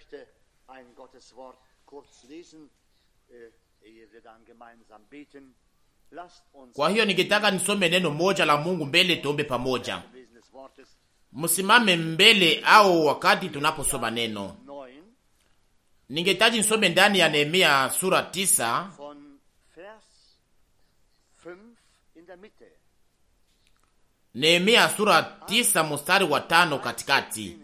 möchte ein Gotteswort kurz lesen, äh, ehe wir dann gemeinsam beten. Kwa hiyo ningetaka nisome neno moja la Mungu mbele tuombe pamoja. Msimame mbele au wakati tunaposoma neno. Ningetaji nisome ndani ya Nehemia sura tisa Nehemia sura tisa mstari wa tano katikati.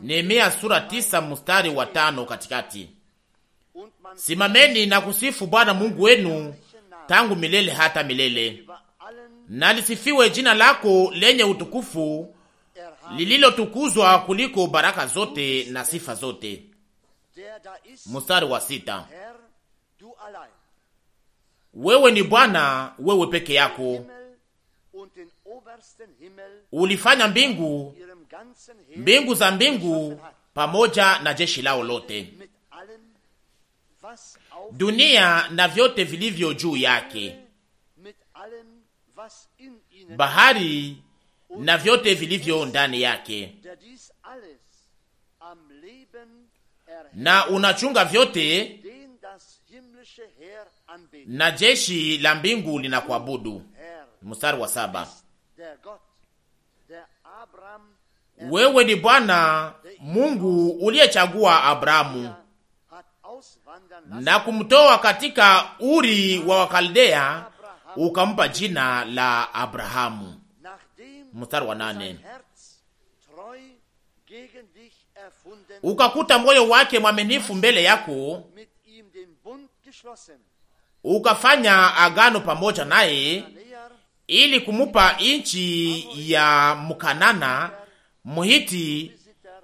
Nehemia sura tisa mstari wa tano katikati. Simameni na kusifu Bwana Mungu wenu tangu milele hata milele, na lisifiwe jina lako lenye utukufu lililotukuzwa kuliko baraka zote na sifa zote. Mstari wa sita. Wewe ni Bwana, wewe peke yako ulifanya mbingu mbingu za mbingu pamoja na jeshi lao lote, dunia na vyote vilivyo juu yake, bahari na vyote vilivyo ndani yake, na unachunga vyote, na jeshi la mbingu linakuabudu. Mstari wa saba wewe ni Bwana Mungu uliyechagua Abrahamu na kumtoa katika uri wa Wakaldea ukampa jina la Abrahamu. Mstari wa nane. Ukakuta moyo wake mwaminifu mbele yako, ukafanya agano pamoja naye ili kumupa nchi ya Mkanana Mhiti,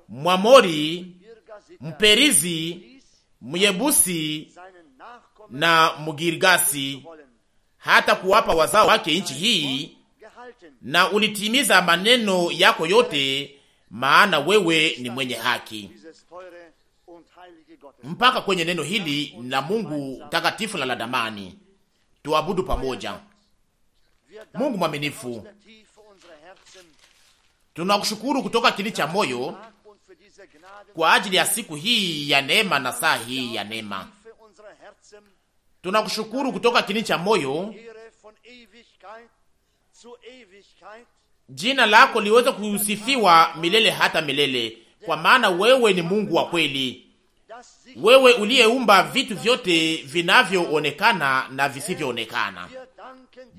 Mwamori, Mperizi, Myebusi na mugirgasi hata kuwapa wazao wake nchi hii, na ulitimiza maneno yako yote, maana wewe ni mwenye haki. Mpaka kwenye neno hili la Mungu takatifu na la damani, tuabudu pamoja Mungu mwaminifu Tunakushukuru kutoka kili cha moyo kwa ajili ya siku hii ya neema na saa hii ya neema. Tunakushukuru kutoka kili cha moyo, jina lako liweze kusifiwa milele hata milele, kwa maana wewe ni Mungu wa kweli, wewe uliyeumba vitu vyote vinavyoonekana na visivyoonekana.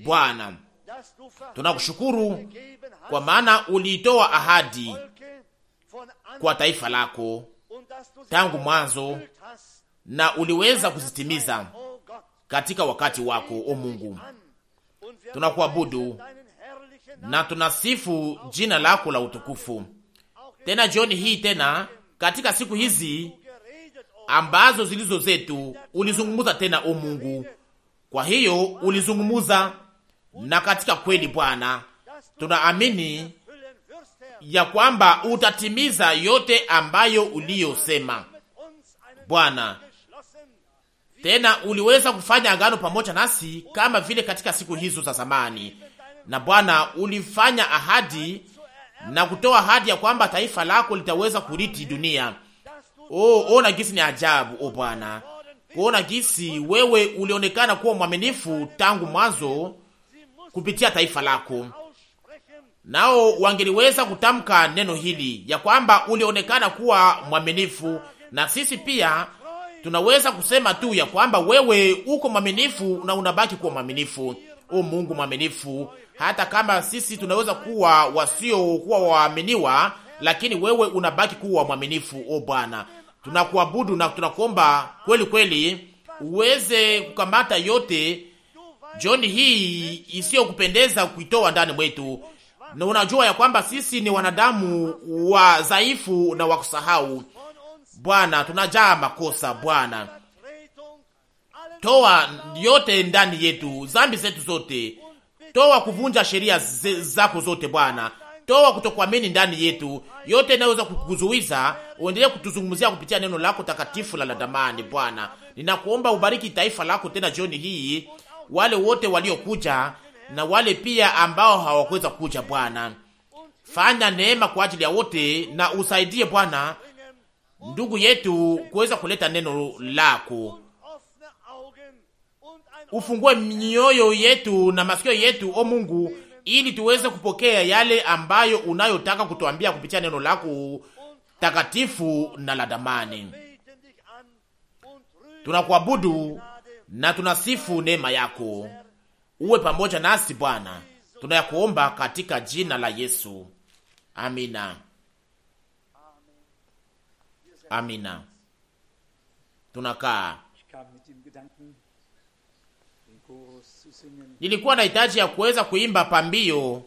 Bwana Tunakushukuru kwa maana uliitoa ahadi kwa taifa lako tangu mwanzo na uliweza kuzitimiza katika wakati wako, o Mungu. Tunakuabudu na tunasifu jina lako la utukufu. Tena jioni hii tena katika siku hizi ambazo zilizo zetu, ulizungumuza tena o Mungu. Kwa hiyo ulizungumuza na katika kweli. Bwana, tunaamini ya kwamba utatimiza yote ambayo uliyosema Bwana. Tena uliweza kufanya agano pamoja nasi kama vile katika siku hizo za zamani, na Bwana ulifanya ahadi na kutoa ahadi ya kwamba taifa lako litaweza kuriti dunia. Oh, ona gisi ni ajabu oh Bwana, kuona gisi wewe ulionekana kuwa mwaminifu tangu mwanzo kupitia taifa lako. Nao wangeliweza kutamka neno hili ya kwamba ulionekana kuwa mwaminifu, na sisi pia tunaweza kusema tu ya kwamba wewe uko mwaminifu na unabaki kuwa mwaminifu, o Mungu mwaminifu, hata kama sisi tunaweza kuwa wasiokuwa waaminiwa, lakini wewe unabaki kuwa mwaminifu. O Bwana, tunakuabudu na tunakuomba kweli kweli uweze kukamata yote Jioni hii isiyo kupendeza kuitoa ndani mwetu, na unajua ya kwamba sisi ni wanadamu wa dhaifu na wa kusahau. Bwana, tunajaa makosa Bwana, toa yote ndani yetu, zambi zetu zote, toa kuvunja sheria zako zote Bwana, toa kutokuamini ndani yetu, yote inayoweza kukuzuiza uendelee kutuzungumzia kupitia neno lako takatifu la ladamani. Bwana, ninakuomba ubariki taifa lako tena jioni hii wale wote waliokuja na wale pia ambao hawakuweza kuja. Bwana, fanya neema kwa ajili ya wote na usaidie Bwana ndugu yetu kuweza kuleta neno lako. Ufungue mioyo yetu na masikio yetu, o Mungu, ili tuweze kupokea yale ambayo unayotaka kutuambia kupitia neno lako takatifu na la damani. Tunakuabudu na tunasifu neema yako. Uwe pamoja nasi Bwana, tunayakuomba katika jina la Yesu, amina. Amina. Tunakaa. Nilikuwa na hitaji ya kuweza kuimba pambio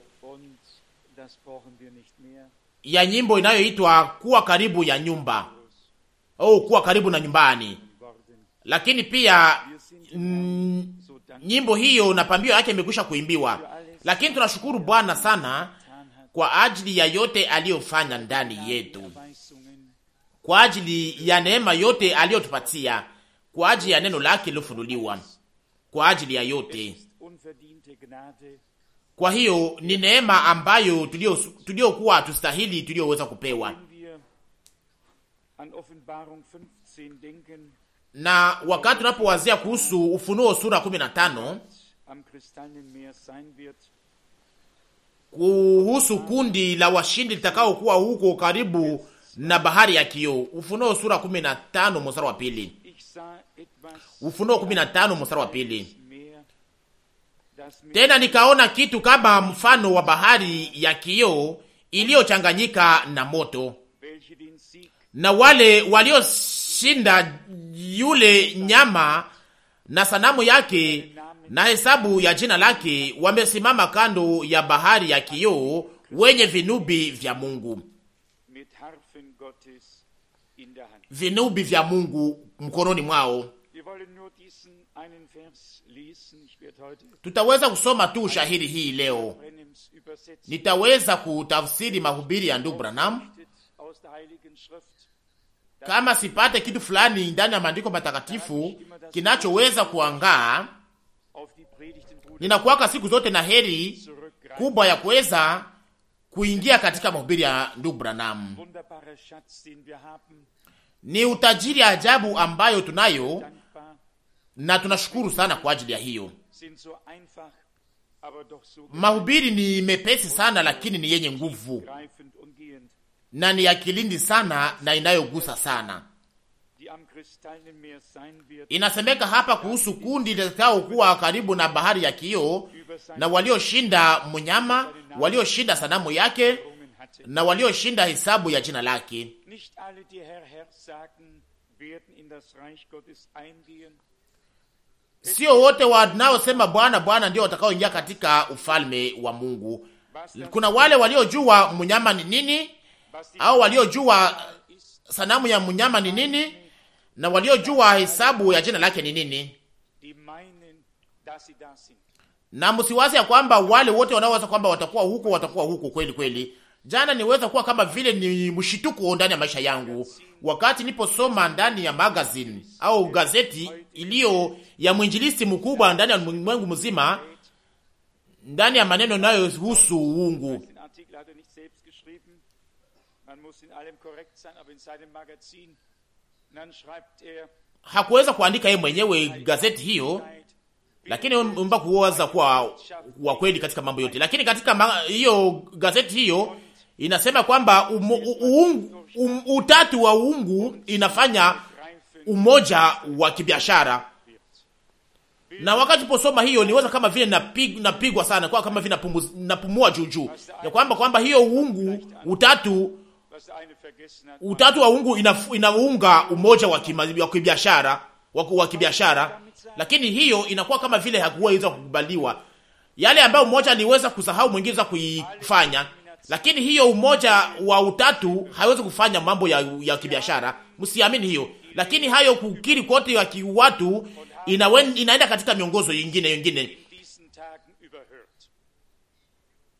ya nyimbo inayoitwa kuwa karibu ya nyumba au kuwa karibu na nyumbani, lakini pia mm, nyimbo hiyo na pambio yake imekwisha kuimbiwa, lakini tunashukuru Bwana sana kwa ajili ya yote aliyofanya ndani yetu, kwa ajili ya neema yote aliyotupatia, kwa ajili ya neno lake lilofunuliwa, kwa ajili ya yote. Kwa hiyo ni neema ambayo tuliyokuwa tustahili, tuliyoweza kupewa na wakati tunapowazia kuhusu Ufunuo sura 15 kuhusu kundi la washindi litakaokuwa huko karibu na bahari ya kio Ufunuo sura 15 mstari wa pili. Ufunuo 15 mstari wa pili. Tena nikaona kitu kama mfano wa bahari ya kio iliyochanganyika na moto, na wale walio kushinda yule nyama na sanamu yake na hesabu ya jina lake, wamesimama kando ya bahari ya kioo wenye vinubi vya Mungu, vinubi vya Mungu mkononi mwao. Tutaweza kusoma tu shahidi hii leo, nitaweza kutafsiri mahubiri ya ndugu Branham kama sipate kitu fulani ndani ya maandiko matakatifu kinachoweza kuangaa, ninakuwaka siku zote na heri kubwa ya kuweza kuingia katika mahubiri ya ndugu Branham. Ni utajiri ajabu ambayo tunayo na tunashukuru sana kwa ajili ya hiyo. Mahubiri ni mepesi sana, lakini ni yenye nguvu na ni ya kilindi sana na inayogusa sana. Inasemeka hapa kuhusu kundi litakaokuwa karibu na bahari ya kioo, na walioshinda mnyama, walioshinda sanamu yake er na walioshinda hesabu ya jina lake. Sio wote wanaosema Bwana, Bwana ndio watakaoingia katika ufalme wa Mungu. Kuna wale waliojua mnyama ni nini au waliojua uh, sanamu ya mnyama ni nini na waliojua hesabu ya jina lake ni nini, na msiwazi ya kwamba wale wote wanaoweza kwamba watakuwa huko watakuwa huko kweli kweli. Jana niweza kuwa kama vile ni mshituko ndani ya maisha yangu, wakati niposoma ndani ya magazine au gazeti iliyo ya mwinjilisti mkubwa ndani ya mwengu mzima, ndani ya maneno nayo husu uungu hakuweza kuandika yeye mwenyewe gazeti hiyo, lakini umba kuwaza kwa wa kweli katika mambo yote. Lakini katika hiyo gazeti hiyo inasema kwamba um, um, utatu wa uungu inafanya umoja wa kibiashara na wakati posoma hiyo niweza kama vile napigwa sana kwa kama vile napumua juujuu ya kwamba kwamba hiyo uungu utatu Utatu wa Mungu inaunga umoja wa kibiashara wa kibiashara, lakini hiyo inakuwa kama vile hakuweza kukubaliwa. Yale ambayo mmoja aliweza kusahau mwingine za kuifanya, lakini hiyo umoja wa utatu haiwezi kufanya mambo ya, ya kibiashara. Msiamini hiyo, lakini hayo kukiri kote ya kiwatu inaenda katika miongozo yingine yingine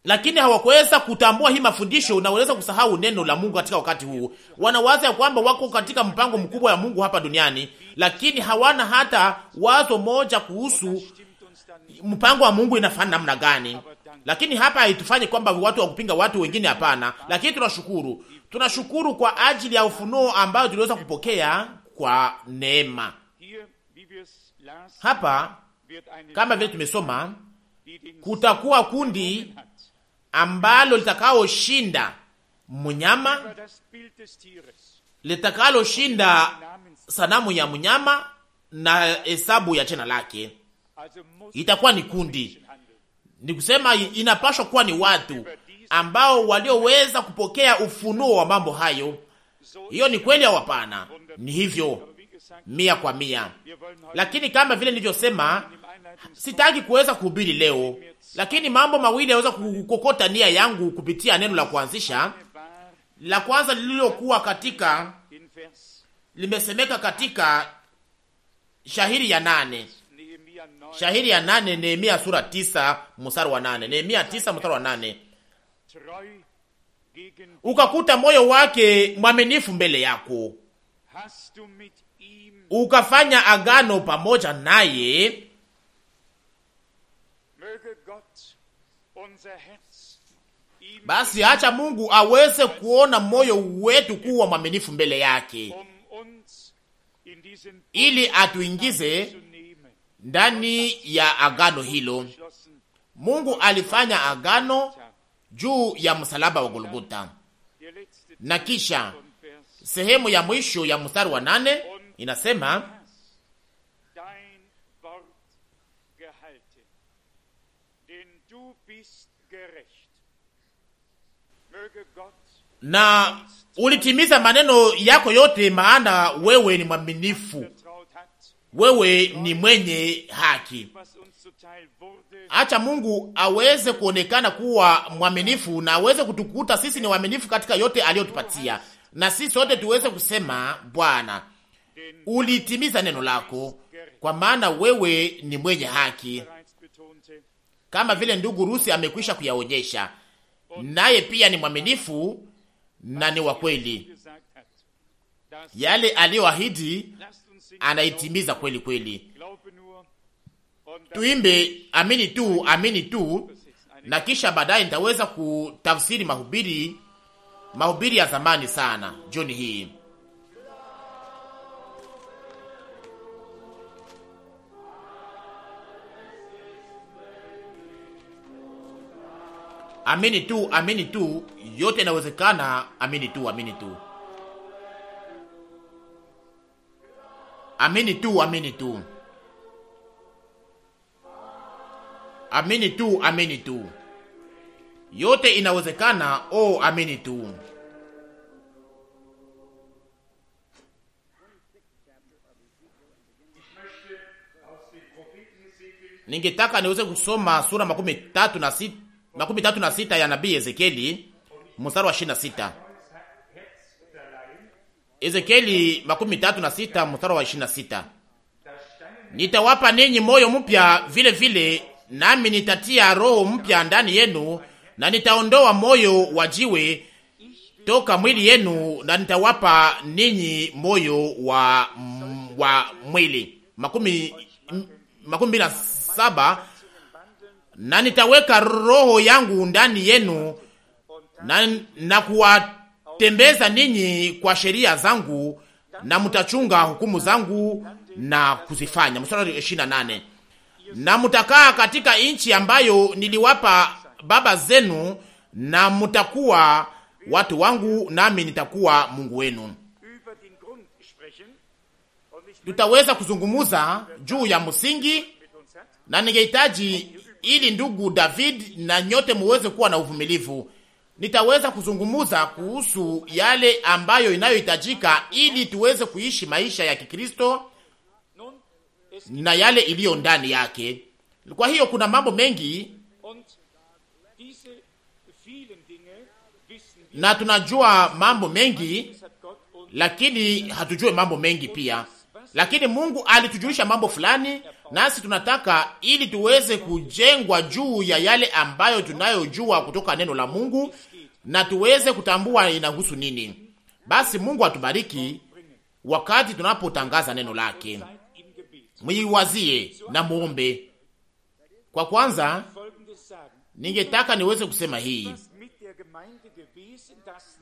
lakini hawakuweza kutambua hii mafundisho, na waweza kusahau neno la Mungu katika wakati huu. Wanawaza ya kwamba wako katika mpango mkubwa ya Mungu hapa duniani, lakini hawana hata wazo moja kuhusu mpango wa Mungu inafanya namna gani. Lakini hapa haitufanye kwamba watu wa kupinga watu wengine, hapana. Lakini tunashukuru, tunashukuru kwa ajili ya ufunuo ambayo tuliweza kupokea kwa neema. Hapa kama vile tumesoma, kutakuwa kundi ambalo litakaoshinda mnyama, litakaloshinda sanamu ya mnyama na hesabu ya jina lake, itakuwa ni kundi. Ni kusema inapashwa kuwa ni watu ambao walioweza kupokea ufunuo wa mambo hayo. Hiyo ni kweli au hapana? Ni hivyo mia kwa mia, lakini kama vile nilivyosema sitaki kuweza kuhubiri leo, lakini mambo mawili yaweza kukokota nia yangu kupitia neno la kuanzisha. La kwanza lililokuwa katika limesemeka katika shahiri ya nane shahiri ya nane Nehemia sura tisa mstari wa nane Nehemia tisa mstari wa nane ukakuta moyo wake mwaminifu mbele yako, ukafanya agano pamoja naye Basi acha Mungu aweze kuona moyo wetu kuwa mwaminifu mbele yake, ili atuingize ndani ya agano hilo. Mungu alifanya agano juu ya msalaba wa Golgota, na kisha sehemu ya mwisho ya mstari wa nane inasema na ulitimiza maneno yako yote, maana wewe ni mwaminifu, wewe ni mwenye haki. Acha Mungu aweze kuonekana kuwa mwaminifu na aweze kutukuta sisi ni waaminifu katika yote aliyotupatia, na sisi sote tuweze kusema Bwana, ulitimiza neno lako, kwa maana wewe ni mwenye haki, kama vile ndugu Rusi amekwisha kuyaonyesha naye pia ni mwaminifu na ni wa kweli. Yale aliyoahidi anaitimiza kweli kweli. Tuimbe amini tu, amini tu, na kisha baadaye nitaweza kutafsiri mahubiri mahubiri ya zamani sana jioni hii. Amini tu, amini tu, yote inawezekana. Amini tu, amini tu, amini tu, amini tu, amini tu, amini tu, yote inawezekana. Oh, amini tu. Ningetaka niweze kusoma sura makumi tatu na sita makumi tatu na sita ya nabii Ezekieli mstari wa ishirini na sita. Ezekieli makumi tatu na sita mstari wa ishirini na sita. Nitawapa ninyi moyo mpya vile vile, nami nitatia roho mpya ndani yenu, na nitaondoa moyo wa jiwe toka mwili yenu, na nitawapa ninyi moyo wa, wa mwili. makumi makumi mbili na saba na nitaweka roho yangu ndani yenu na, na kuwatembeza ninyi kwa sheria zangu na mtachunga hukumu zangu na kuzifanya. Mstari ishirini na nane na mtakaa katika nchi ambayo niliwapa baba zenu, na mtakuwa watu wangu, nami nitakuwa Mungu wenu. Tutaweza kuzungumuza juu ya msingi, na ningehitaji ili ndugu David na nyote muweze kuwa na uvumilivu. Nitaweza kuzungumuza kuhusu yale ambayo inayohitajika ili tuweze kuishi maisha ya Kikristo na yale iliyo ndani yake. Kwa hiyo kuna mambo mengi na tunajua mambo mengi, lakini hatujue mambo mengi pia. Lakini Mungu alitujulisha mambo fulani nasi tunataka ili tuweze kujengwa juu ya yale ambayo tunayojua kutoka neno la Mungu na tuweze kutambua inahusu nini. Basi Mungu atubariki wakati tunapotangaza neno lake. Mwiwazie na muombe. Kwa kwanza, ningetaka niweze kusema hii.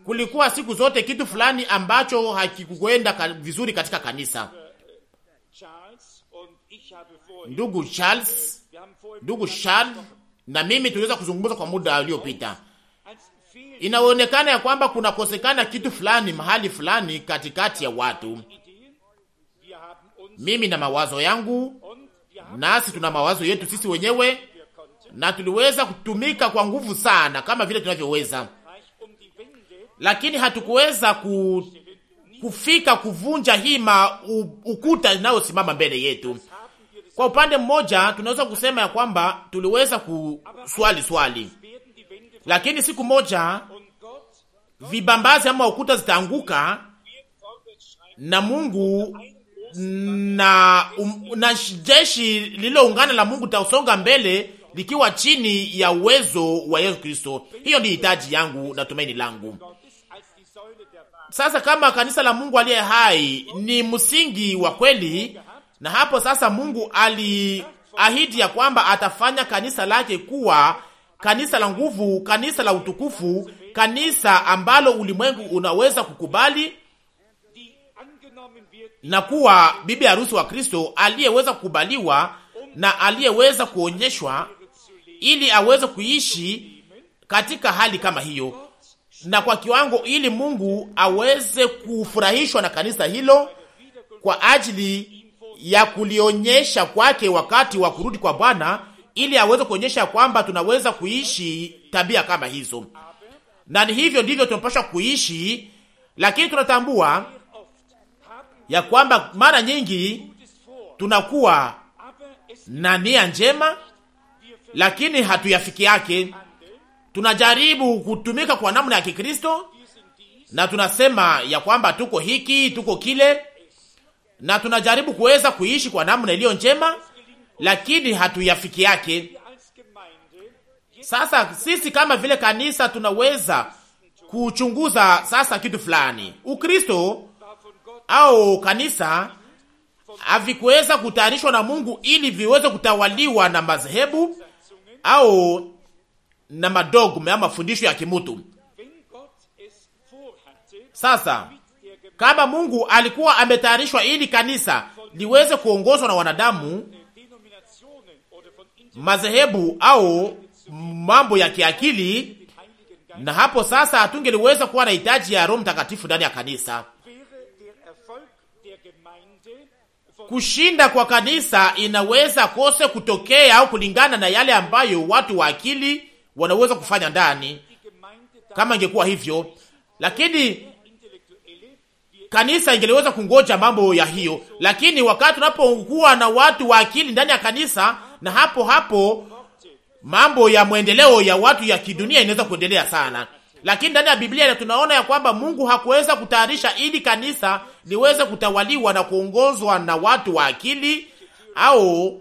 Kulikuwa siku zote kitu fulani ambacho hakikukwenda vizuri katika kanisa ndugu Charles, ndugu Charles na mimi tuliweza kuzungumza kwa muda uliopita. Inaonekana ya kwamba kunakosekana kitu fulani mahali fulani katikati ya watu. Mimi na mawazo yangu, nasi tuna mawazo yetu sisi wenyewe, na tuliweza kutumika kwa nguvu sana kama vile tunavyoweza, lakini hatukuweza ku, kufika kuvunja hima ukuta inayosimama mbele yetu. Kwa upande mmoja tunaweza kusema ya kwamba tuliweza kuswali swali, lakini siku moja vibambazi ama ukuta zitaanguka na Mungu na, um, na jeshi lililoungana la Mungu tausonga mbele likiwa chini ya uwezo wa Yesu Kristo. Hiyo ni hitaji yangu na tumaini langu. Sasa kama kanisa la Mungu aliye hai ni msingi wa kweli na hapo sasa Mungu aliahidi ya kwamba atafanya kanisa lake kuwa kanisa la nguvu, kanisa la utukufu, kanisa ambalo ulimwengu unaweza kukubali na kuwa bibi harusi wa Kristo aliyeweza kukubaliwa na aliyeweza kuonyeshwa ili aweze kuishi katika hali kama hiyo na kwa kiwango, ili Mungu aweze kufurahishwa na kanisa hilo kwa ajili ya kulionyesha kwake wakati wa kurudi kwa Bwana, ili aweze kuonyesha kwamba tunaweza kuishi tabia kama hizo, na ni hivyo ndivyo tunapaswa kuishi. Lakini tunatambua ya kwamba mara nyingi tunakuwa na nia njema, lakini hatuyafiki yake. Tunajaribu kutumika kwa namna ya Kikristo na tunasema ya kwamba tuko hiki tuko kile, na tunajaribu kuweza kuishi kwa namna iliyo njema, lakini hatuyafiki yake. Sasa sisi kama vile kanisa tunaweza kuchunguza sasa kitu fulani. Ukristo au kanisa havikuweza kutayarishwa na Mungu ili viweze kutawaliwa na madhehebu au na madogma ama mafundisho ya kimutu. Sasa kama Mungu alikuwa ametayarishwa ili kanisa liweze kuongozwa na wanadamu, madhehebu au mambo ya kiakili, na hapo sasa hatungeliweza kuwa na hitaji ya Roho Mtakatifu ndani ya kanisa. Kushinda kwa kanisa inaweza kose kutokea au kulingana na yale ambayo watu wa akili wanaweza kufanya ndani, kama ingekuwa hivyo, lakini kanisa ingeliweza kungoja mambo ya hiyo, lakini wakati unapokuwa na watu wa akili ndani ya kanisa, na hapo hapo mambo ya mwendeleo ya watu ya kidunia inaweza kuendelea sana. Lakini ndani ya Biblia tunaona ya kwamba Mungu hakuweza kutayarisha ili kanisa liweze kutawaliwa na kuongozwa na watu wa akili au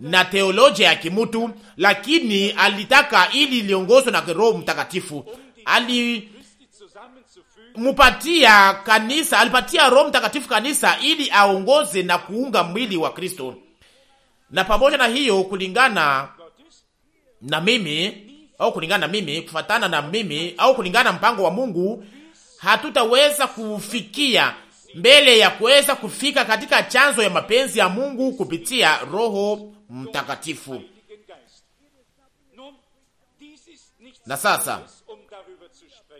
na teolojia ya kimutu, lakini alitaka ili liongozwe na Roho Mtakatifu ali mupatia kanisa, alipatia Roho Mtakatifu kanisa ili aongoze na kuunga mwili wa Kristo. Na pamoja na hiyo, kulingana na mimi au kulingana na mimi, kufatana na mimi au kulingana na mpango wa Mungu, hatutaweza kufikia mbele ya kuweza kufika katika chanzo ya mapenzi ya Mungu kupitia Roho Mtakatifu. Na sasa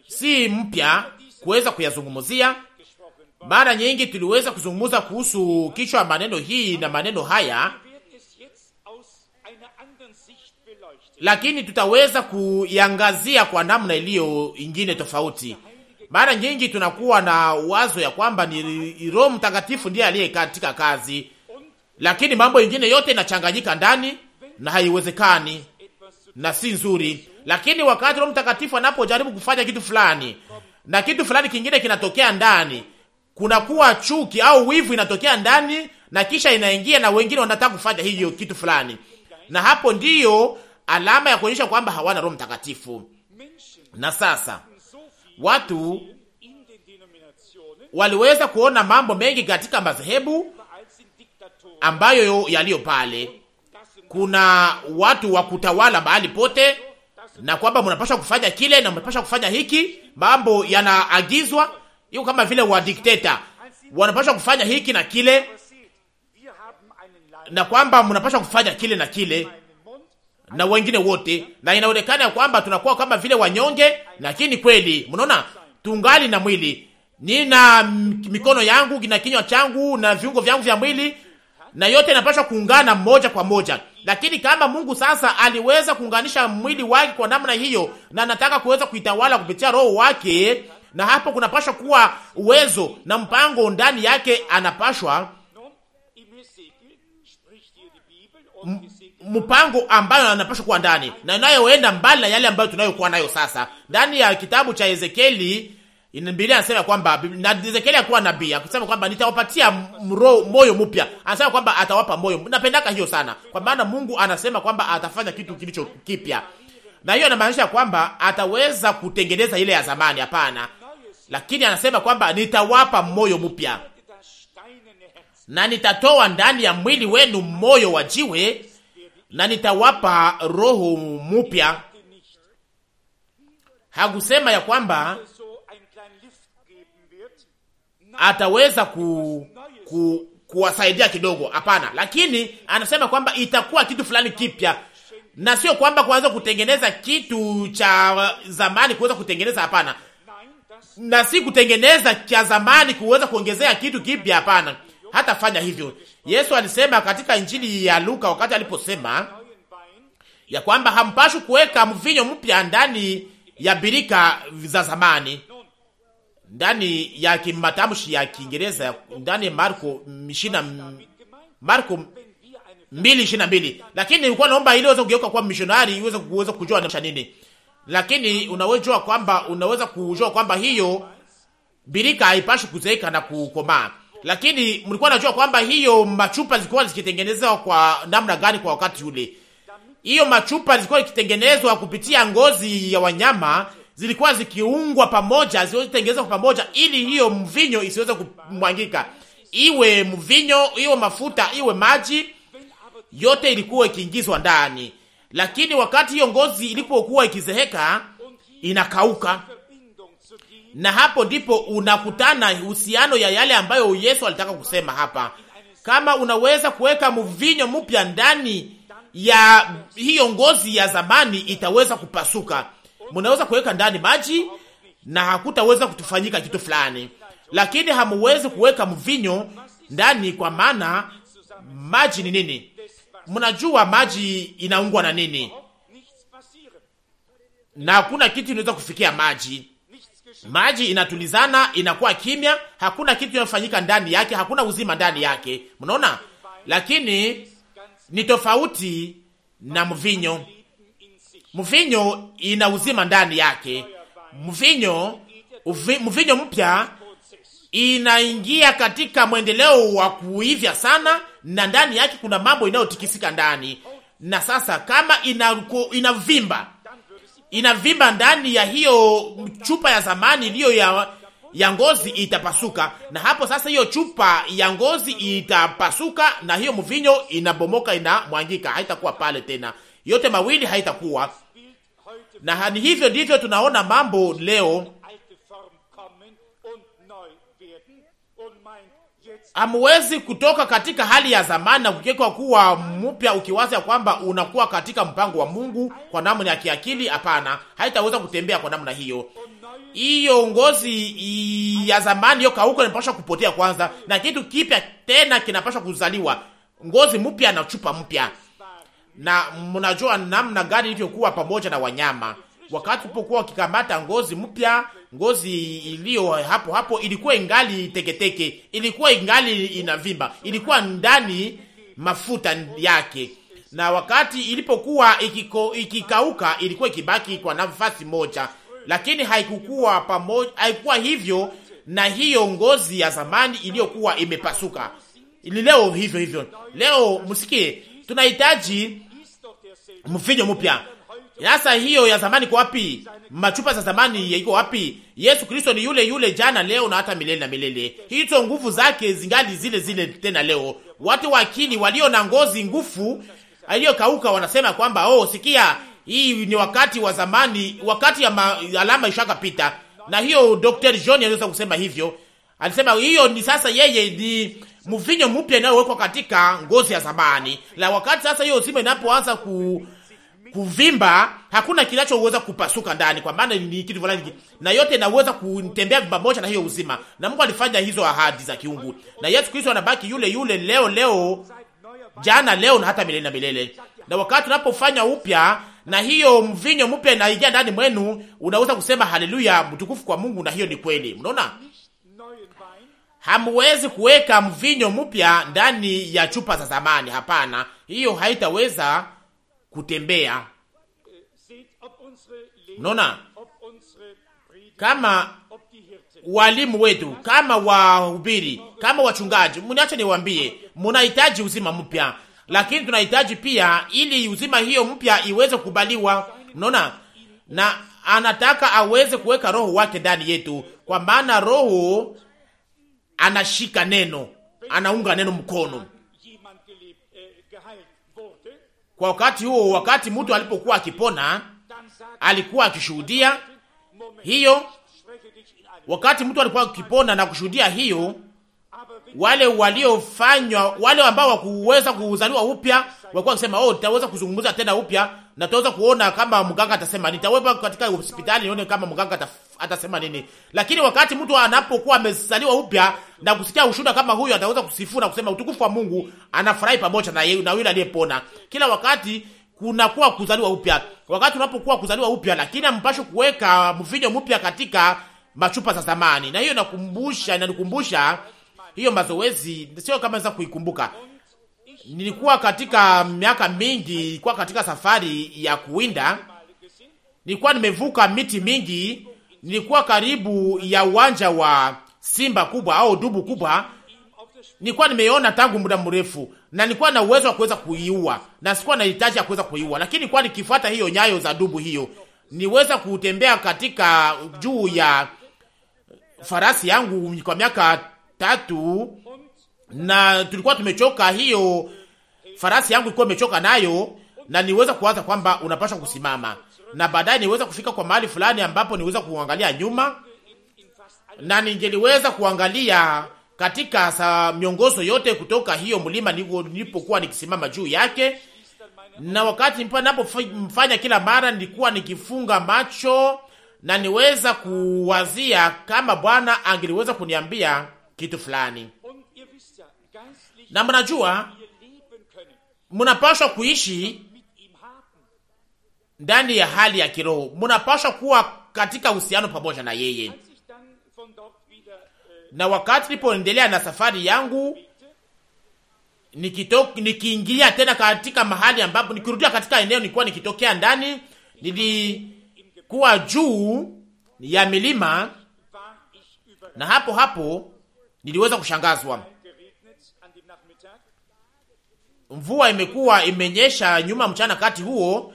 si mpya kuweza kuyazungumzia. Mara nyingi tuliweza kuzungumza kuhusu kichwa maneno hii na maneno haya, lakini tutaweza kuiangazia kwa namna iliyo ingine tofauti. Mara nyingi tunakuwa na wazo ya kwamba ni Roho Mtakatifu ndiye aliye katika kazi, lakini mambo ingine yote inachanganyika ndani na haiwezekani na si nzuri. Lakini wakati Roho Mtakatifu anapojaribu kufanya kitu fulani na kitu fulani kingine kinatokea ndani, kunakuwa chuki au wivu inatokea ndani, na kisha inaingia na wengine wanataka kufanya hiyo kitu fulani, na hapo ndiyo alama ya kuonyesha kwamba hawana Roho Mtakatifu. Na sasa watu waliweza kuona mambo mengi katika madhehebu ambayo yaliyo pale. Kuna watu wa kutawala mahali pote, na kwamba mnapasha kufanya kile na mnapasha kufanya hiki. Mambo yanaagizwa, Hiyo kama vile wa dikteta wanapasha kufanya hiki na kile, na kwamba mnapasha kufanya kile na kile na wengine wote, na inaonekana ya kwamba tunakuwa kama vile wanyonge, lakini kweli mnaona tungali na mwili, nina mikono yangu na kinywa changu na viungo vyangu vya mwili, na yote inapasha kuungana moja kwa moja lakini kama Mungu sasa aliweza kuunganisha mwili wake kwa namna hiyo, na anataka kuweza kuitawala kupitia roho wake, na hapo kunapashwa kuwa uwezo na mpango ndani yake, anapashwa mpango ambayo anapashwa kuwa ndani na inayoenda mbali na yale ambayo tunayokuwa nayo sasa ndani ya kitabu cha Ezekieli Biblia anasema kwamba na Ezekieli alikuwa nabii, akasema kwamba nitawapatia mro, moyo mpya. Anasema kwamba atawapa moyo. Napendaka hiyo sana. Kwa maana Mungu anasema kwamba atafanya kitu kilicho kipya. Na hiyo inamaanisha kwamba ataweza kutengeneza ile ya zamani, hapana. Lakini anasema kwamba nitawapa moyo mpya. Na nitatoa ndani ya mwili wenu moyo wa jiwe na nitawapa roho mpya. Hakusema ya kwamba ataweza ku, ku, kuwasaidia kidogo, hapana, lakini anasema kwamba itakuwa kitu fulani kipya na sio kwamba kuanza kutengeneza kitu cha zamani kuweza kutengeneza, hapana, na si kutengeneza cha zamani kuweza kuongezea kitu kipya, hapana, hata fanya hivyo. Yesu alisema katika Injili ya Luka wakati aliposema ya kwamba hampashi kuweka mvinyo mpya ndani ya birika za zamani, ndani ya kimatamshi ya Kiingereza ndani ya Marko Marko mbili ishirini na mbili. Lakini nilikuwa naomba ili uweze kugeuka kuwa mishonari uweze kuweza kujua namsha nini, lakini unawejua kwamba unaweza kujua kwamba hiyo birika haipashi kuzeeka na kukomaa, lakini mlikuwa najua kwamba hiyo machupa zilikuwa zikitengenezwa kwa namna gani kwa wakati ule. Hiyo machupa zilikuwa zikitengenezwa kupitia ngozi ya wanyama zilikuwa zikiungwa pamoja, zitengenezwa kwa pamoja, ili hiyo mvinyo isiweze kumwangika, iwe mvinyo, iwe mafuta, iwe maji, yote ilikuwa ikiingizwa ndani. Lakini wakati hiyo ngozi ilipokuwa ikizeheka, inakauka, na hapo ndipo unakutana uhusiano ya yale ambayo Yesu alitaka kusema hapa. Kama unaweza kuweka mvinyo mpya ndani ya hiyo ngozi ya zamani, itaweza kupasuka munaweza kuweka ndani maji na hakutaweza kutufanyika kitu fulani, lakini hamuwezi kuweka mvinyo ndani, kwa maana maji ni nini? Mnajua maji inaungwa na nini, na hakuna kitu inaweza kufikia maji. Maji inatulizana, inakuwa kimya, hakuna kitu inayofanyika ndani yake, hakuna uzima ndani yake. Mnaona, lakini ni tofauti na mvinyo mvinyo ina uzima ndani yake. Mvinyo mvinyo mpya inaingia katika mwendeleo wa kuivya sana, na ndani yake kuna mambo inayotikisika ndani, na sasa kama inavimba ina inavimba ndani ya hiyo chupa ya zamani iliyo ya ya ngozi itapasuka, na hapo sasa hiyo chupa ya ngozi itapasuka, na hiyo mvinyo inabomoka, inamwangika, haitakuwa pale tena. Yote mawili haitakuwa na hani hivyo ndivyo tunaona mambo leo. Hamwezi kutoka katika hali ya zamani na kukekwa kuwa mpya, ukiwaza kwamba unakuwa katika mpango wa Mungu kwa namna ya kiakili. Hapana, haitaweza kutembea kwa namna hiyo. Hiyo ngozi ya zamani hiyo kauko inapaswa kupotea kwanza, na kitu kipya tena kinapaswa kuzaliwa, ngozi mpya na chupa mpya na mnajua namna gani ilivyokuwa pamoja na wanyama wakati ulipokuwa wakikamata ngozi mpya, ngozi iliyo hapo hapo ilikuwa ingali teketeke, ilikuwa ingali inavimba, ilikuwa ndani mafuta yake, na wakati ilipokuwa ikiko, ikikauka ilikuwa ikibaki kwa nafasi moja, lakini haikukuwa pamoja, haikuwa hivyo na hiyo ngozi ya zamani iliyokuwa imepasuka. Ni leo hivyo hivyo, leo msikie, tunahitaji mvinyo mpya. Sasa hiyo ya zamani kwa wapi? Machupa za zamani iko wapi? Yesu Kristo ni yule yule jana, leo na hata milele na milele. Hizo nguvu zake zingali zile zile tena leo. Watu wa akili walio na ngozi ngufu aliyokauka wanasema kwamba oh, sikia, hii ni wakati wa zamani, wakati ya ma, alama ishakapita. Na hiyo Dr. John anaweza kusema hivyo, alisema hiyo ni sasa, yeye ni mvinyo mpya inayowekwa katika ngozi ya zamani. Na wakati sasa hiyo uzima inapoanza ku kuvimba, hakuna kinachoweza kupasuka ndani, kwa maana ni kitu fulani, na yote inaweza kutembea pamoja na hiyo uzima. Na Mungu alifanya hizo ahadi za kiungu, na Yesu Kristo anabaki yule yule leo leo, jana leo na hata milele na milele. Na wakati unapofanya upya na hiyo mvinyo mpya inaingia ndani mwenu, unaweza kusema haleluya, mtukufu kwa Mungu. Na hiyo ni kweli, mnaona Hamwezi kuweka mvinyo mpya ndani ya chupa za zamani. Hapana, hiyo haitaweza kutembea. Nona kama walimu wetu, kama wahubiri, kama wachungaji, mniache niwaambie, mnahitaji uzima mpya, lakini tunahitaji pia, ili uzima hiyo mpya iweze kukubaliwa. Nona na anataka aweze kuweka roho wake ndani yetu, kwa maana roho anashika neno, anaunga neno mkono kwa wakati huo, wakati mtu alipokuwa akipona, alikuwa akishuhudia hiyo. Wakati mtu alikuwa akipona na kushuhudia hiyo, wale waliofanywa, wale ambao wakuweza kuzaliwa upya walikuwa wakisema, oh, nitaweza kuzungumza tena upya na tutaweza kuona kama mganga atasema. Nitawekwa katika hospitali nione kama mganga atafanya atasema nini. Lakini wakati mtu anapokuwa amezaliwa upya na kusikia ushuhuda kama huyo, ataweza kusifu na kusema utukufu wa Mungu, anafurahi pamoja na yeye na yule aliyepona. Kila wakati kunakuwa kuzaliwa upya. Wakati unapokuwa kuzaliwa upya, lakini ampashi kuweka mvinyo mpya katika machupa za zamani, na hiyo inakumbusha, inanikumbusha hiyo mazoezi, sio kama naweza kuikumbuka. Nilikuwa katika miaka mingi, nilikuwa katika safari ya kuwinda, nilikuwa nimevuka miti mingi nilikuwa karibu ya uwanja wa simba kubwa au dubu kubwa, nilikuwa nimeona tangu muda mrefu, na nilikuwa na uwezo wa kuweza kuiua, na sikuwa na hitaji ya kuweza kuiua, lakini nilikuwa nikifuata hiyo nyayo za dubu hiyo, niweza kutembea katika juu ya farasi yangu kwa miaka tatu, na tulikuwa tumechoka. Hiyo farasi yangu ilikuwa imechoka nayo, na niweza kuwaza kwamba unapaswa kusimama na baadaye niweza kufika kwa mahali fulani ambapo niweza kuangalia nyuma na ningeliweza kuangalia katika sa miongozo yote kutoka hiyo mlima nilipokuwa nikisimama juu yake, na wakati napomfanya kila mara nilikuwa nikifunga macho na niweza kuwazia kama Bwana angeliweza kuniambia kitu fulani. Na mnajua mnapaswa kuishi ndani ya hali ya kiroho, munapashwa kuwa katika uhusiano pamoja na yeye. Äh, na wakati nilipoendelea na safari yangu nikitoka nikiingilia tena katika mahali ambapo nikirudia katika eneo nilikuwa nikitokea ndani, nilikuwa juu ya milima, na hapo hapo niliweza kushangazwa. Mvua imekuwa imenyesha nyuma mchana kati huo,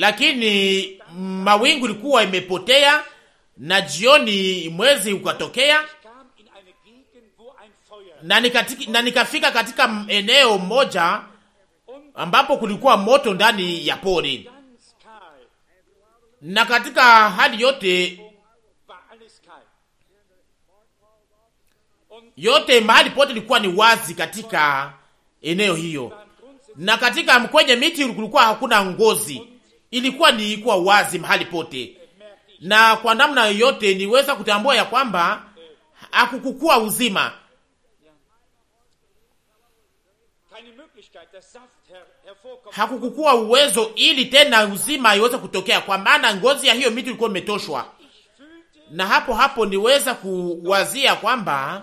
lakini mawingu ilikuwa imepotea na jioni mwezi ukatokea, na, nikati, na nikafika katika eneo moja ambapo kulikuwa moto ndani ya pori, na katika hali yote yote mahali pote ilikuwa ni wazi katika eneo hiyo, na katika kwenye miti kulikuwa hakuna ngozi ilikuwa ni ikuwa wazi mahali pote, na kwa namna yoyote niweza kutambua ya kwamba hakukukua uzima hakukukua uwezo ili tena uzima iweze kutokea, kwa maana ngozi ya hiyo miti ilikuwa imetoshwa. Na hapo hapo niweza kuwazia kwamba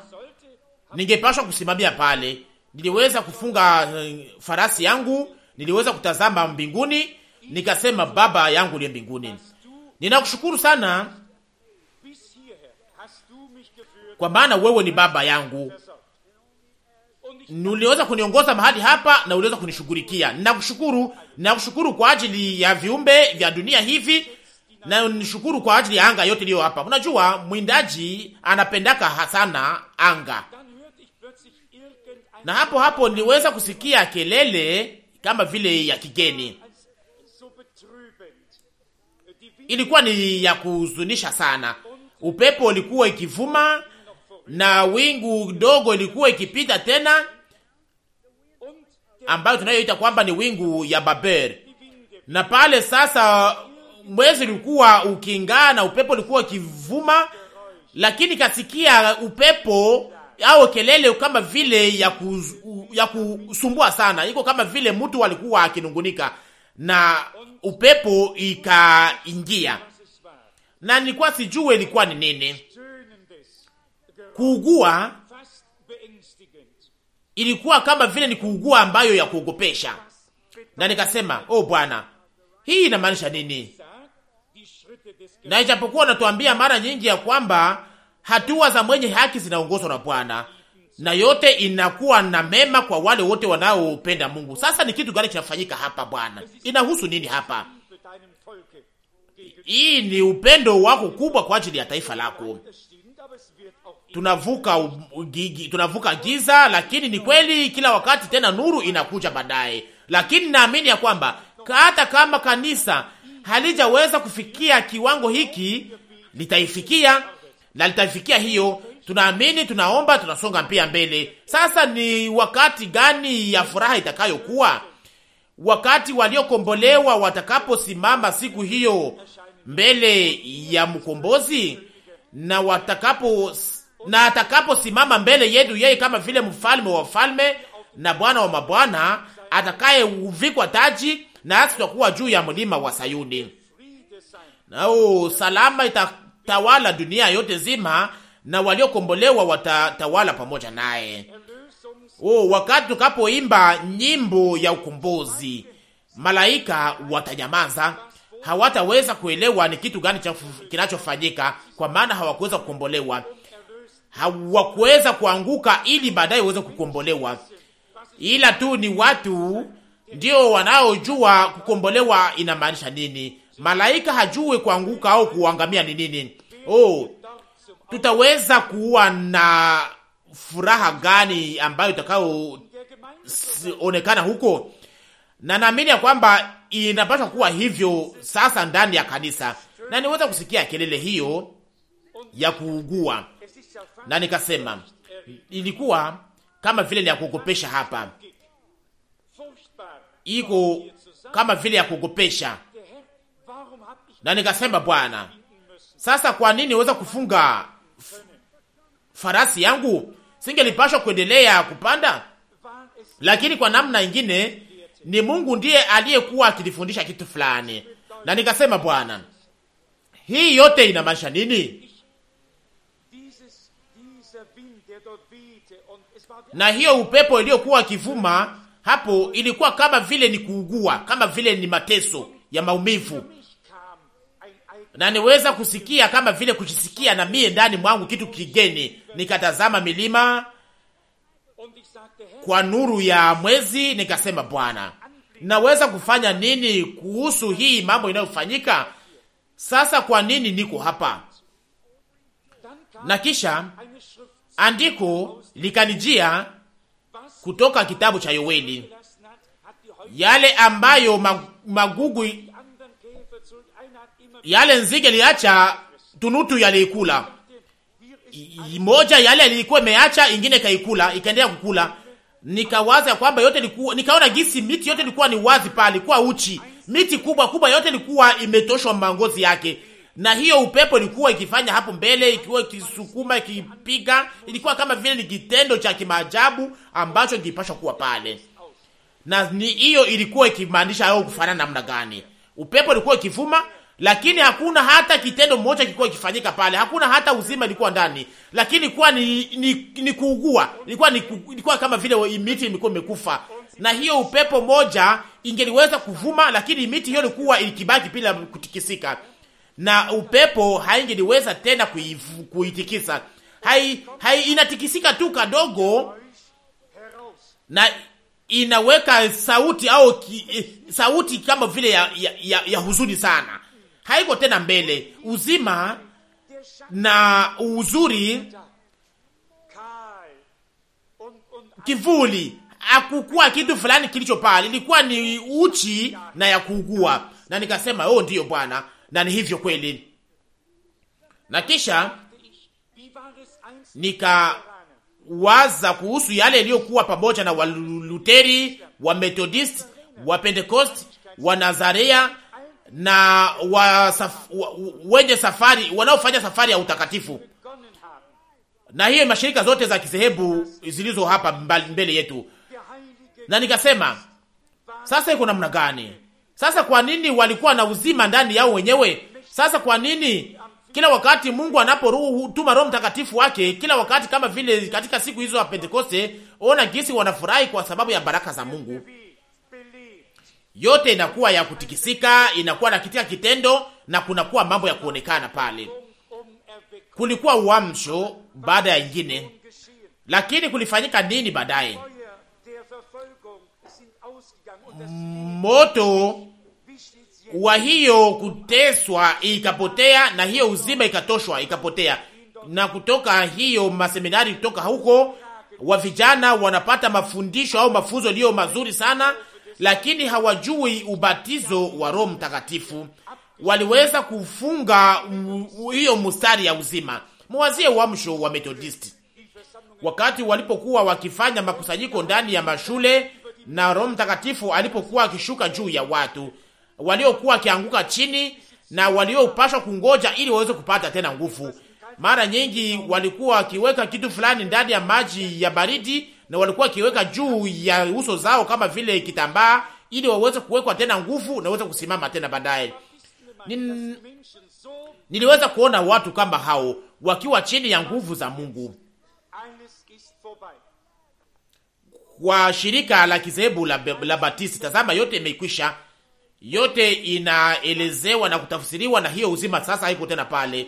ningepashwa kusimamia pale. Niliweza kufunga eh, farasi yangu, niliweza kutazama mbinguni, nikasema, Baba yangu uliye mbinguni, ninakushukuru sana kwa maana wewe ni baba yangu, uliweza kuniongoza mahali hapa na uliweza kunishughulikia. Ninakushukuru, ninakushukuru kwa ajili ya viumbe vya dunia hivi na nishukuru kwa ajili ya anga yote iliyo hapa. Unajua, mwindaji anapendaka sana anga, na hapo hapo niliweza kusikia kelele kama vile ya kigeni ilikuwa ni ya kuhuzunisha sana. Upepo ulikuwa ikivuma na wingu dogo ilikuwa ikipita tena, ambayo tunayoita kwamba ni wingu ya Babel. Na pale sasa mwezi ulikuwa uking'aa na upepo ulikuwa ukivuma, lakini kasikia upepo au kelele kama vile ya, kuz, ya kusumbua sana, iko kama vile mtu alikuwa akinungunika na upepo ikaingia, na nilikuwa sijue ilikuwa ni nini. Kuugua ilikuwa kama vile ni kuugua ambayo ya kuogopesha, na nikasema oh, Bwana, hii inamaanisha nini? Na ijapokuwa natuambia mara nyingi ya kwamba hatua za mwenye haki zinaongozwa na Bwana, na yote inakuwa na mema kwa wale wote wanaopenda Mungu. Sasa ni kitu gani kinafanyika hapa Bwana? Inahusu nini hapa? Hii ni upendo wako kubwa kwa ajili ya taifa lako. Tunavuka gigi, tunavuka giza, lakini ni kweli kila wakati tena nuru inakuja baadaye. Lakini naamini ya kwamba hata kama kanisa halijaweza kufikia kiwango hiki, litaifikia na litaifikia hiyo tunaamini, tunaomba, tunasonga pia mbele. Sasa ni wakati gani ya furaha itakayokuwa? Wakati waliokombolewa watakaposimama siku hiyo mbele ya mkombozi na watakapo na atakaposimama mbele yetu yeye kama vile mfalme wa falme na Bwana wa mabwana atakaye uvikwa taji, na asi tutakuwa juu ya mlima wa Sayuni, nao salama itatawala dunia yote zima, na waliokombolewa watatawala pamoja naye. Oh, wakati tukapoimba nyimbo ya ukombozi, malaika watanyamaza, hawataweza kuelewa ni kitu gani kinachofanyika, kwa maana hawakuweza kukombolewa, hawakuweza kuanguka ili baadaye waweze kukombolewa, ila tu ni watu ndio wanaojua kukombolewa inamaanisha nini. Malaika hajue kuanguka au kuangamia ni nini. Oh, tutaweza kuwa na furaha gani ambayo itakayoonekana huko? Na naamini ya kwamba inapaswa kuwa hivyo sasa ndani ya kanisa, na niweza kusikia kelele hiyo ya kuugua, na nikasema ilikuwa kama vile ni ya kuogopesha hapa, iko kama vile ya kuogopesha, na nikasema Bwana, sasa kwa nini niweza kufunga farasi yangu, singelipashwa kuendelea kupanda. Lakini kwa namna ingine ni Mungu ndiye aliyekuwa akilifundisha kitu fulani, na nikasema, Bwana, hii yote inamaanisha nini? Na hiyo upepo iliyokuwa akivuma hapo ilikuwa kama vile ni kuugua, kama vile ni mateso ya maumivu na niweza kusikia kama vile kuchisikia na mie ndani mwangu kitu kigeni. Nikatazama milima kwa nuru ya mwezi, nikasema, Bwana, naweza kufanya nini kuhusu hii mambo inayofanyika sasa? Kwa nini niko hapa? Na kisha andiko likanijia kutoka kitabu cha yoweli yale ambayo magugu yale nzige liacha tunutu yaliikula moja, yale ilikuwa imeacha ingine kaikula, ikaendelea kukula. Nikawaza kwamba yote likuwa, nikaona gisi miti yote ilikuwa ni wazi pale, ilikuwa uchi, miti kubwa kubwa yote ilikuwa imetoshwa mangozi yake, na hiyo upepo ilikuwa ikifanya hapo mbele, ikiwa ikisukuma, ikipiga, ilikuwa kama vile ni kitendo cha kimaajabu ambacho ingepashwa kuwa pale, na ni hiyo ilikuwa ikimaanisha au kufanana namna gani. Upepo ulikuwa ikivuma lakini hakuna hata kitendo mmoja kilikuwa kifanyika pale, hakuna hata uzima ilikuwa ndani, lakini ilikuwa ni, ni, ni kuugua, ilikuwa ni, ilikuwa kama vile miti ilikuwa imekufa, na hiyo upepo moja ingeliweza kuvuma, lakini miti hiyo ilikuwa ikibaki bila kutikisika, na upepo haingeliweza tena kuitikisa. Hai, hai inatikisika tu kadogo na inaweka sauti au ki, eh, sauti kama vile ya, ya, ya, ya huzuni sana haiko tena mbele. Uzima na uzuri, kivuli, akukuwa kitu fulani kilicho pale, ilikuwa ni uchi na ya kuugua, na nikasema oh, ndiyo Bwana, na ni hivyo kweli. Na kisha nikawaza kuhusu yale yaliyokuwa pamoja na Waluteri, wa Methodist, wa Pentecost, wa Nazarea na wa saf, wa, wenye safari wanaofanya safari ya utakatifu, na hiyo mashirika zote za kizehebu zilizo hapa mbele yetu. Na nikasema sasa, iko namna gani sasa? Kwa nini walikuwa na uzima ndani yao wenyewe? Sasa kwa nini kila wakati Mungu anapotuma Roho Mtakatifu wake kila wakati, kama vile katika siku hizo za Pentekoste, ona gisi wanafurahi kwa sababu ya baraka za Mungu yote inakuwa ya kutikisika, inakuwa na kitika kitendo na kunakuwa mambo ya kuonekana pale. Kulikuwa uamsho baada ya ingine, lakini kulifanyika nini baadaye? Moto wa hiyo kuteswa ikapotea, na hiyo uzima ikatoshwa ikapotea, na kutoka hiyo maseminari, kutoka huko wa vijana wanapata mafundisho au mafunzo yaliyo mazuri sana lakini hawajui ubatizo wa Roho Mtakatifu. Waliweza kufunga hiyo mustari ya uzima. Mwazie uamsho wa Methodisti wakati walipokuwa wakifanya makusanyiko ndani ya mashule na Roho Mtakatifu alipokuwa akishuka juu ya watu waliokuwa wakianguka chini na waliopashwa kungoja ili waweze kupata tena nguvu. Mara nyingi walikuwa wakiweka kitu fulani ndani ya maji ya baridi na walikuwa wakiweka juu ya uso zao kama vile kitambaa, ili waweze kuwekwa tena nguvu na waweze kusimama tena baadaye. Nin... niliweza kuona watu kama hao wakiwa chini ya nguvu za Mungu kwa shirika la kizebu la, la Batisti. Tazama, yote imekwisha, yote inaelezewa na kutafsiriwa, na hiyo uzima sasa haiko tena pale.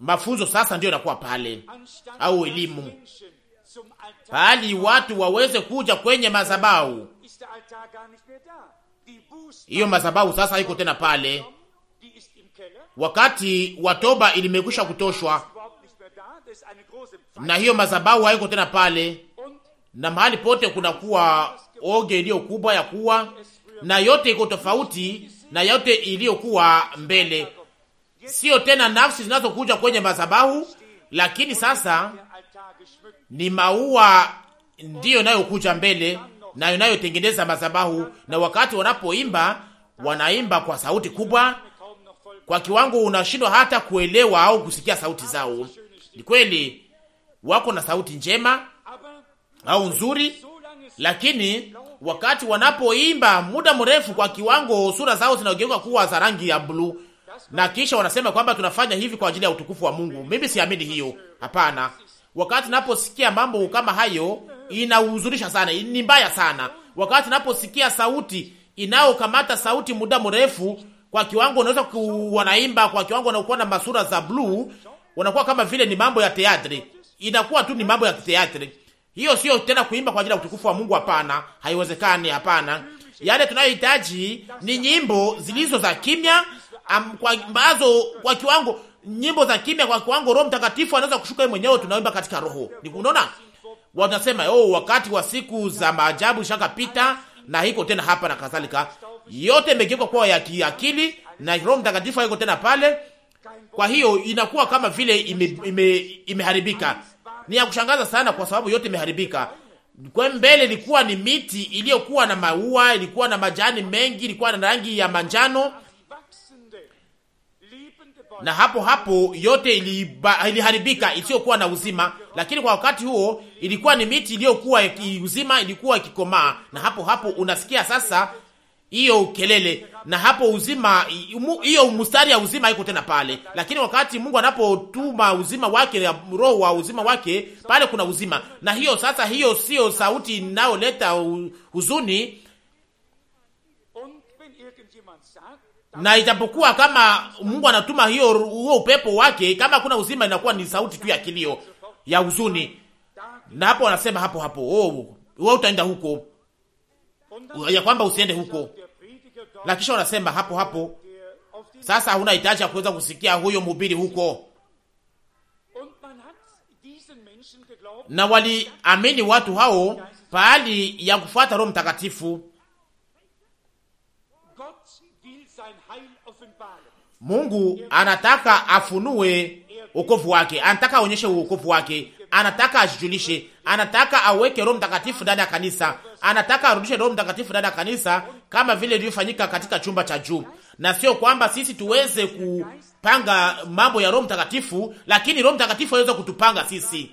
Mafunzo sasa ndio inakuwa pale, au elimu bali watu waweze kuja kwenye madhabahu. Hiyo madhabahu sasa haiko tena pale, wakati watoba ilimekwisha kutoshwa, na hiyo madhabahu haiko tena pale, na mahali pote kunakuwa oge iliyo kubwa ya kuwa na yote iko tofauti na yote iliyokuwa mbele. Sio tena nafsi zinazokuja kwenye madhabahu, lakini sasa ni maua ndiyo inayokuja mbele na inayotengeneza mazabahu, na wakati wanapoimba wanaimba kwa sauti kubwa, kwa kiwango unashindwa hata kuelewa au kusikia sauti zao. Ni kweli wako na sauti njema au nzuri, lakini wakati wanapoimba muda mrefu kwa kiwango, sura zao zinageuka kuwa za rangi ya bluu, na kisha wanasema kwamba tunafanya hivi kwa ajili ya utukufu wa Mungu. Mimi siamini hiyo, hapana. Wakati naposikia mambo kama hayo, inahuzunisha sana, ni mbaya sana. Wakati naposikia sauti inayokamata sauti muda mrefu, kwa kiwango unaweza kuwanaimba kwa kiwango, wanakuwa na masura za bluu, wanakuwa kama vile ni mambo ya teatri, inakuwa tu ni mambo ya teatri. Hiyo sio tena kuimba kwa ajili ya utukufu wa Mungu. Hapana, haiwezekani. Hapana, yale tunayohitaji ni nyimbo zilizo za kimya ambazo kwa kiwango nyimbo za kimya kwa kwangu, Roho Mtakatifu anaweza kushuka yeye mwenyewe, tunaimba katika roho. Ni unaona, wanasema oh, wakati wa siku za maajabu shakapita na hiko tena hapa na kadhalika, yote imegeuka kuwa ya kiakili na Roho Mtakatifu haiko tena pale. Kwa hiyo inakuwa kama vile imeharibika, ime, ime ni ya kushangaza sana, kwa sababu yote imeharibika. Kwa mbele ilikuwa ni miti iliyokuwa na maua, ilikuwa na majani mengi, ilikuwa na rangi ya manjano na hapo hapo yote iliharibika, iliharibika isiyokuwa na uzima, lakini kwa wakati huo ilikuwa ni miti iliyokuwa uzima, ilikuwa ikikomaa, na hapo hapo unasikia sasa hiyo kelele, na hapo uzima hiyo mstari ya uzima iko tena pale. Lakini wakati Mungu anapotuma uzima wake, roho wa uzima wake, pale kuna uzima. Na hiyo sasa, hiyo sio sauti inayoleta huzuni na itapokuwa kama Mungu anatuma hiyo huo upepo wake, kama kuna uzima, inakuwa ni sauti tu ya kilio ya huzuni, na hapo wanasema hapo hapo, oh, wewe utaenda huko, ya kwamba usiende huko, na kisha wanasema hapo hapo, sasa huna hitaji ya kuweza kusikia huyo mhubiri huko. Na waliamini watu hao pahali ya kufuata Roho Mtakatifu Mungu anataka afunue ukovu wake, anataka aonyeshe ukovu wake, anataka ajijulishe, anataka aweke Roho Mtakatifu ndani ya kanisa, anataka arudishe Roho Mtakatifu ndani ya kanisa kama vile ilivyofanyika katika chumba cha juu, na sio kwamba sisi tuweze kupanga mambo ya Roho Mtakatifu, lakini Roho Mtakatifu aweze kutupanga sisi.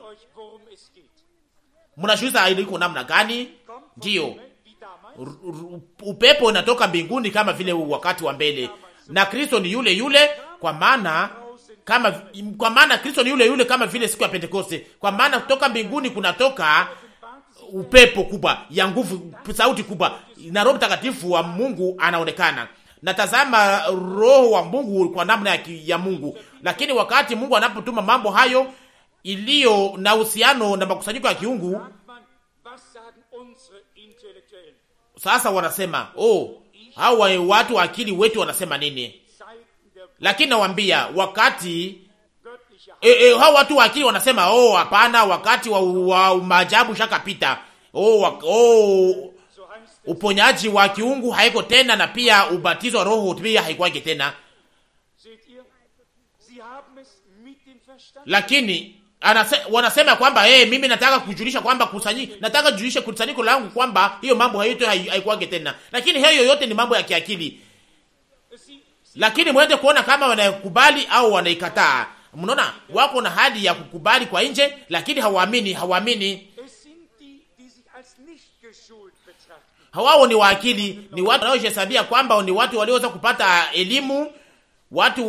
Mnashuhudia iliko namna gani? Ndiyo, upepo unatoka mbinguni kama vile wakati wa mbele na Kristo ni yule yule, kwa maana kama kwa maana Kristo ni yule yule kama vile siku ya Pentekoste, kwa maana kutoka mbinguni kunatoka upepo kubwa ya nguvu, sauti kubwa, na Roho Mtakatifu wa Mungu anaonekana natazama roho wa Mungu kwa namna ya, ya Mungu. Lakini wakati Mungu anapotuma mambo hayo iliyo na uhusiano na makusanyiko ya kiungu, sasa wanasema oh, hawa watu akili wetu wanasema nini? Lakini nawambia wakati e, e, hawa watu wa akili wanasema oh, hapana, wakati wa, wa maajabu shakapita. Oh, oh, uponyaji wa kiungu haiko tena, na pia ubatizo wa roho pia haikwake tena, lakini anase, wanasema kwamba eh, hey, mimi nataka kujulisha kwamba kusanyi, nataka kujulisha kusanyiko langu kwamba hiyo mambo hayote haikuange tena, lakini hayo yote ni mambo ya kiakili. Lakini mwende kuona kama wanakubali au wanaikataa. Mnaona wako na hadi ya kukubali kwa nje, lakini hawaamini, hawaamini. Hawao ni waakili, ni watu wanaohesabia kwamba ni watu walioweza kupata elimu, watu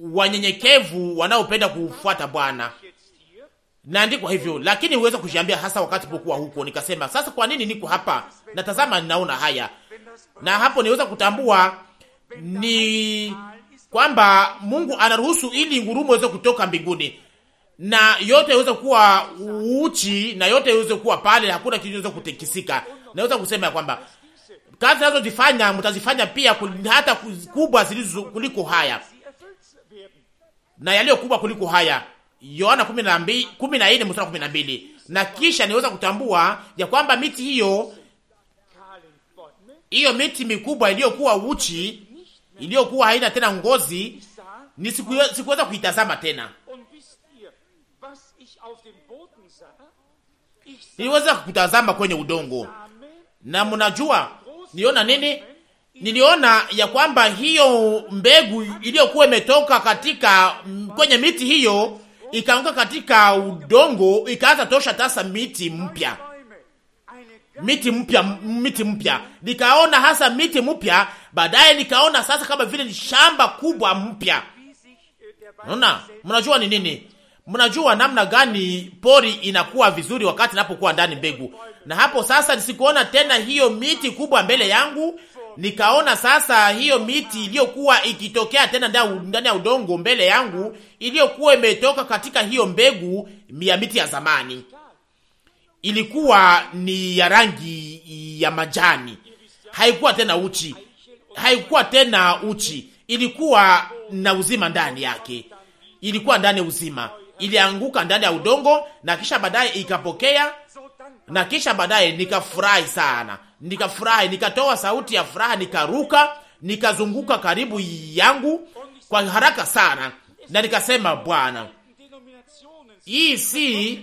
wanyenyekevu wanaopenda kufuata Bwana. Naandikwa hivyo, lakini uweza kujiambia hasa wakati pokuwa huko, nikasema sasa, kwa nini niko hapa? Natazama, ninaona haya, na hapo niweza kutambua ni kwamba Mungu anaruhusu ili ngurumo iweze kutoka mbinguni na yote iweze kuwa uchi na yote iweze kuwa pale, hakuna kitu kinaweza kutekisika. Naweza kusema ya kwamba kazi nazozifanya mtazifanya pia hata kubwa zilizo kuliko haya na yaliyo kubwa kuliko haya, Yohana 14 mstari 12. Na kisha niweza kutambua ya kwamba miti hiyo hiyo miti mikubwa iliyokuwa uchi, iliyokuwa haina tena ngozi, ni sikuweza kuitazama tena. Niweza kutazama kwenye udongo, na mnajua niona nini? niliona ya kwamba hiyo mbegu iliyokuwa imetoka katika mm, kwenye miti hiyo ikaanguka katika udongo, ikaanza tosha tasa miti mpya, miti mpya, miti mpya. Nikaona hasa miti mpya, baadaye nikaona sasa kama vile ni shamba kubwa mpya. Unaona, mnajua ni nini? Mnajua namna gani pori inakuwa vizuri wakati inapokuwa ndani mbegu. Na hapo sasa nisikuona tena hiyo miti kubwa mbele yangu, Nikaona sasa hiyo miti iliyokuwa ikitokea tena ndani ya udongo mbele yangu, iliyokuwa imetoka katika hiyo mbegu ya miti ya zamani, ilikuwa ni ya rangi ya majani, haikuwa tena uchi, haikuwa tena uchi, ilikuwa na uzima ndani yake, ilikuwa ndani ya uzima, ilianguka ndani ya udongo na kisha baadaye ikapokea na kisha baadaye nikafurahi sana, nikafurahi, nikatoa sauti ya furaha, nikaruka, nikazunguka karibu yangu kwa haraka sana, na nikasema, Bwana, hii si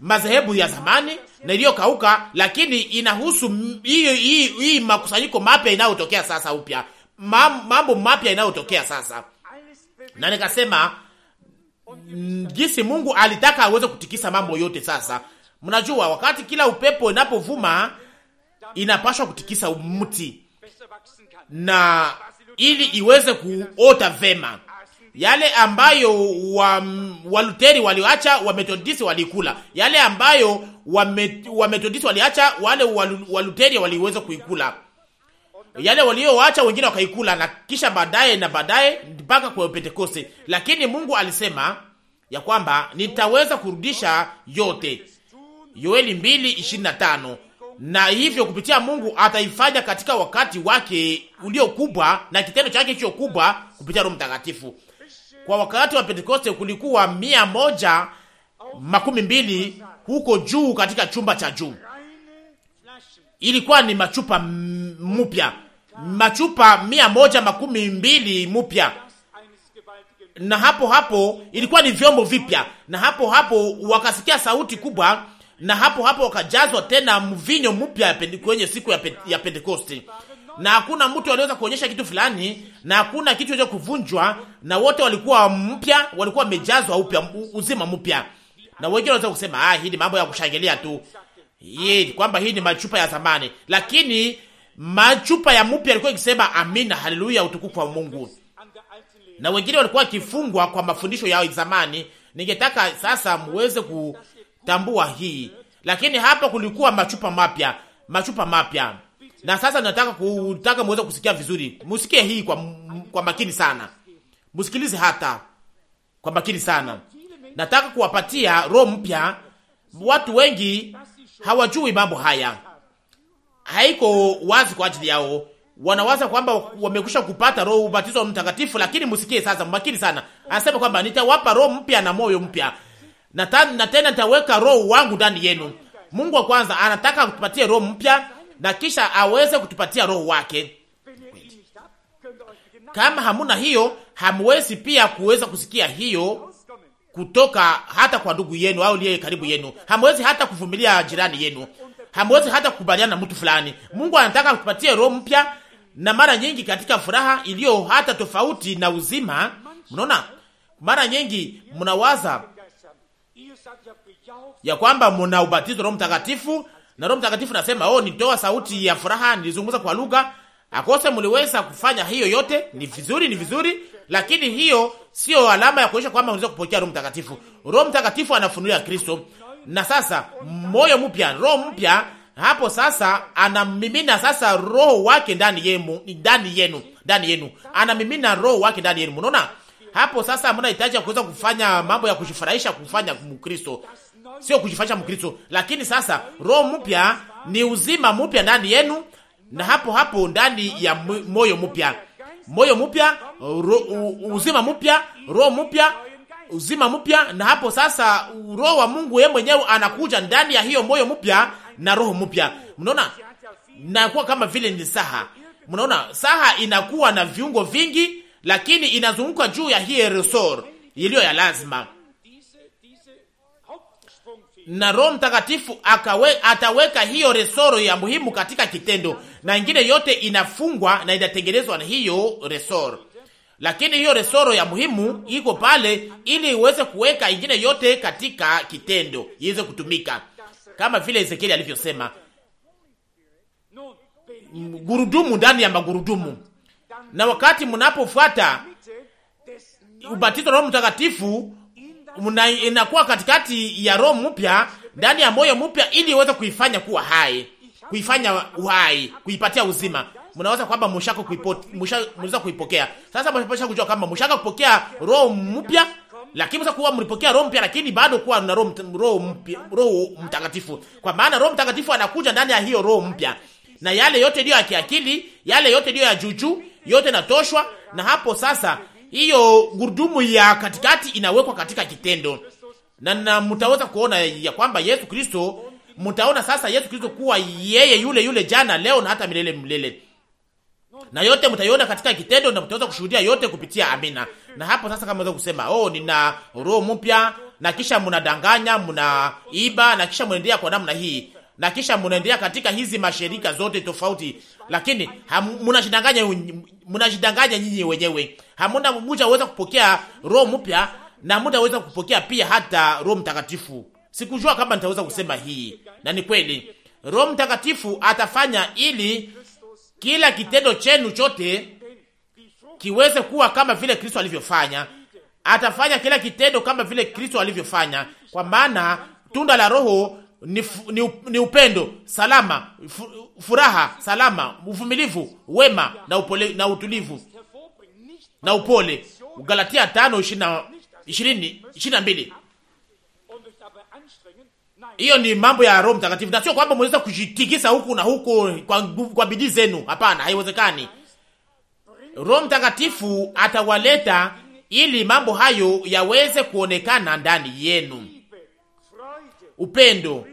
madhehebu ya zamani na iliyokauka, lakini inahusu hii makusanyiko mapya inayotokea sasa, upya mambo mapya inayotokea sasa. Na nikasema jinsi Mungu alitaka aweze kutikisa mambo yote sasa Mnajua wakati kila upepo inapovuma inapashwa kutikisa mti na ili iweze kuota vema. Yale ambayo wa, Waluteri walioacha Wametodisi walikula, yale ambayo Wametodisi waliacha wale Waluteri waliweza kuikula, yale walioacha wengine wakaikula, na kisha baadaye na baadaye mpaka kwa Pentekoste. Lakini Mungu alisema ya kwamba nitaweza kurudisha yote Yoeli tano Na hivyo kupitia Mungu ataifanya katika wakati wake uliokubwa na kitendo chake hicho kubwa kupitia Roho Mtakatifu. Kwa wakati wa Pentekoste kulikuwa mia moja makumi mbili huko juu katika chumba cha juu. Ilikuwa ni machupa mupya, machupa mia moja makumi mbili mupya, na hapo hapo ilikuwa ni vyombo vipya, na hapo hapo wakasikia sauti kubwa na hapo hapo wakajazwa tena mvinyo mpya kwenye siku ya, pe, ya Pentekoste, na hakuna mtu aliweza kuonyesha kitu fulani, na hakuna kitu cha kuvunjwa, na wote walikuwa mpya, walikuwa wamejazwa upya, uzima mpya. Na wengine wanaweza kusema ah, hii ni mambo ya kushangilia tu, yeye kwamba hii ni machupa ya zamani, lakini machupa ya mpya alikuwa ikisema amina, haleluya, utukufu wa Mungu. Na wengine walikuwa wakifungwa kwa mafundisho yao ya zamani. Ningetaka sasa muweze ku tambua hii. Lakini hapa kulikuwa machupa mapya, machupa mapya. Na sasa nataka kutaka muweze kusikia vizuri. Msikie hii kwa kwa makini sana. Msikilize hata kwa makini sana. Nataka kuwapatia roho mpya. Watu wengi hawajui mambo haya, haiko wazi kwa ajili yao. Wanawaza kwamba wamekwisha kupata roho ubatizo wa Mtakatifu, lakini msikie sasa, makini sana. Anasema kwamba nitawapa roho mpya na moyo mpya, na, ta, na tena nitaweka roho wangu ndani yenu. Mungu wa kwanza anataka kutupatia roho mpya na kisha aweze kutupatia roho wake. Kama hamuna hiyo, hamwezi pia kuweza kusikia hiyo kutoka hata kwa ndugu yenu au liye karibu yenu. Hamwezi hata kuvumilia jirani yenu, hamwezi hata kukubaliana na mtu fulani. Mungu anataka kutupatia roho mpya, na mara nyingi katika furaha iliyo hata tofauti na uzima. Mnaona, mara nyingi mnawaza ya kwamba mna ubatizo Roho Mtakatifu, na Roho Mtakatifu nasema oh, nitoa sauti ya furaha, nilizungumza kwa lugha. Akose mliweza kufanya hiyo yote, ni vizuri, ni vizuri, lakini hiyo sio alama ya kuonyesha kwamba unaweza kupokea Roho Mtakatifu. Roho Mtakatifu anafunulia Kristo, na sasa moyo mpya, roho mpya hapo sasa anamimina sasa roho wake ndani yenu, ndani yenu, ndani yenu, anamimina roho wake ndani yenu. Unaona hapo sasa, mnahitaji kuweza kufanya mambo ya kujifurahisha, kufanya Mkristo sio kujifanyisha Mkristo, lakini sasa roho mpya ni uzima mpya ndani yenu, na hapo hapo ndani ya moyo mpya, moyo mpya, uzima mpya, roho mpya, uzima mpya. Na hapo sasa roho wa Mungu yeye mwenyewe anakuja ndani ya hiyo moyo mpya na roho mpya. Mnaona, nakuwa kama vile ni saha. Mnaona, saha inakuwa na viungo vingi, lakini inazunguka juu ya hii resor iliyo ya lazima na Roho Mtakatifu akawe, ataweka hiyo resoro ya muhimu katika kitendo, na ingine yote inafungwa na inatengenezwa na hiyo resoro. Lakini hiyo resoro ya muhimu iko pale ili iweze kuweka ingine yote katika kitendo iweze kutumika, kama vile Ezekieli alivyosema, gurudumu ndani ya magurudumu. Na wakati mnapofuata ubatizo wa Roho Mtakatifu mna inakuwa katikati ya roho mpya ndani ya moyo mpya, ili iweze kuifanya kuwa hai, kuifanya uhai, kuipatia uzima. Mnaweza kwamba mshaka kuipokea, mnaweza kuipokea. Sasa mnapaswa kujua kama mshaka kupokea roho mpya, lakini msa kuwa mlipokea roho mpya, lakini bado kuwa na roho roho mpya, roho mtakatifu, kwa maana roho mtakatifu anakuja ndani ya hiyo roho mpya, na yale yote ndio ya kiakili, yale yote ndio ya juju, yote natoshwa, na hapo sasa hiyo gurudumu ya katikati inawekwa katika kitendo, na, na mtaweza kuona ya kwamba Yesu Kristo, mtaona sasa Yesu Kristo kuwa yeye yule yule jana leo na hata milele milele, na yote mtaiona katika kitendo, na mtaweza kushuhudia yote kupitia amina. Na hapo sasa, kama unaweza kusema oh, nina roho mpya, na kisha mnadanganya, mnaiba, na kisha mnaendea kwa namna hii na kisha munaendelea katika hizi mashirika zote tofauti, lakini mnajidanganya, mnajidanganya nyinyi wenyewe. Hamuna mmoja aweza kupokea roho mpya na muda aweza kupokea pia hata Roho Mtakatifu. Sikujua kama nitaweza kusema hii, na ni kweli Roho Mtakatifu atafanya ili kila kitendo chenu chote kiweze kuwa kama vile Kristo alivyofanya. Atafanya kila kitendo kama vile Kristo alivyofanya, kwa maana tunda la Roho ni, ni, ni upendo, salama, furaha, salama, uvumilivu, wema na upole, na utulivu na upole. Galatia 5:22. Hiyo ni mambo ya Roho Mtakatifu, na sio kwamba mweza kujitikisa huku na huku kwa, kwa bidii zenu. Hapana, haiwezekani. Roho Mtakatifu atawaleta ili mambo hayo yaweze kuonekana ndani yenu: upendo,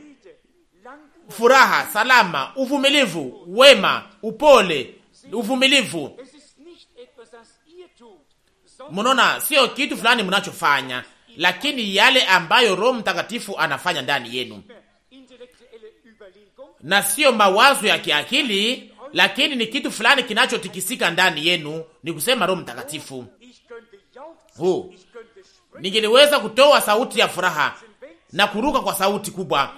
furaha, salama, uvumilivu, wema, upole, uvumilivu. Mnaona, sio kitu fulani mnachofanya, lakini yale ambayo Roho Mtakatifu anafanya ndani yenu, na sio mawazo ya kiakili, lakini ni kitu fulani kinachotikisika ndani yenu, ni kusema Roho Mtakatifu huu. Ningeliweza kutoa sauti ya furaha na kuruka kwa sauti kubwa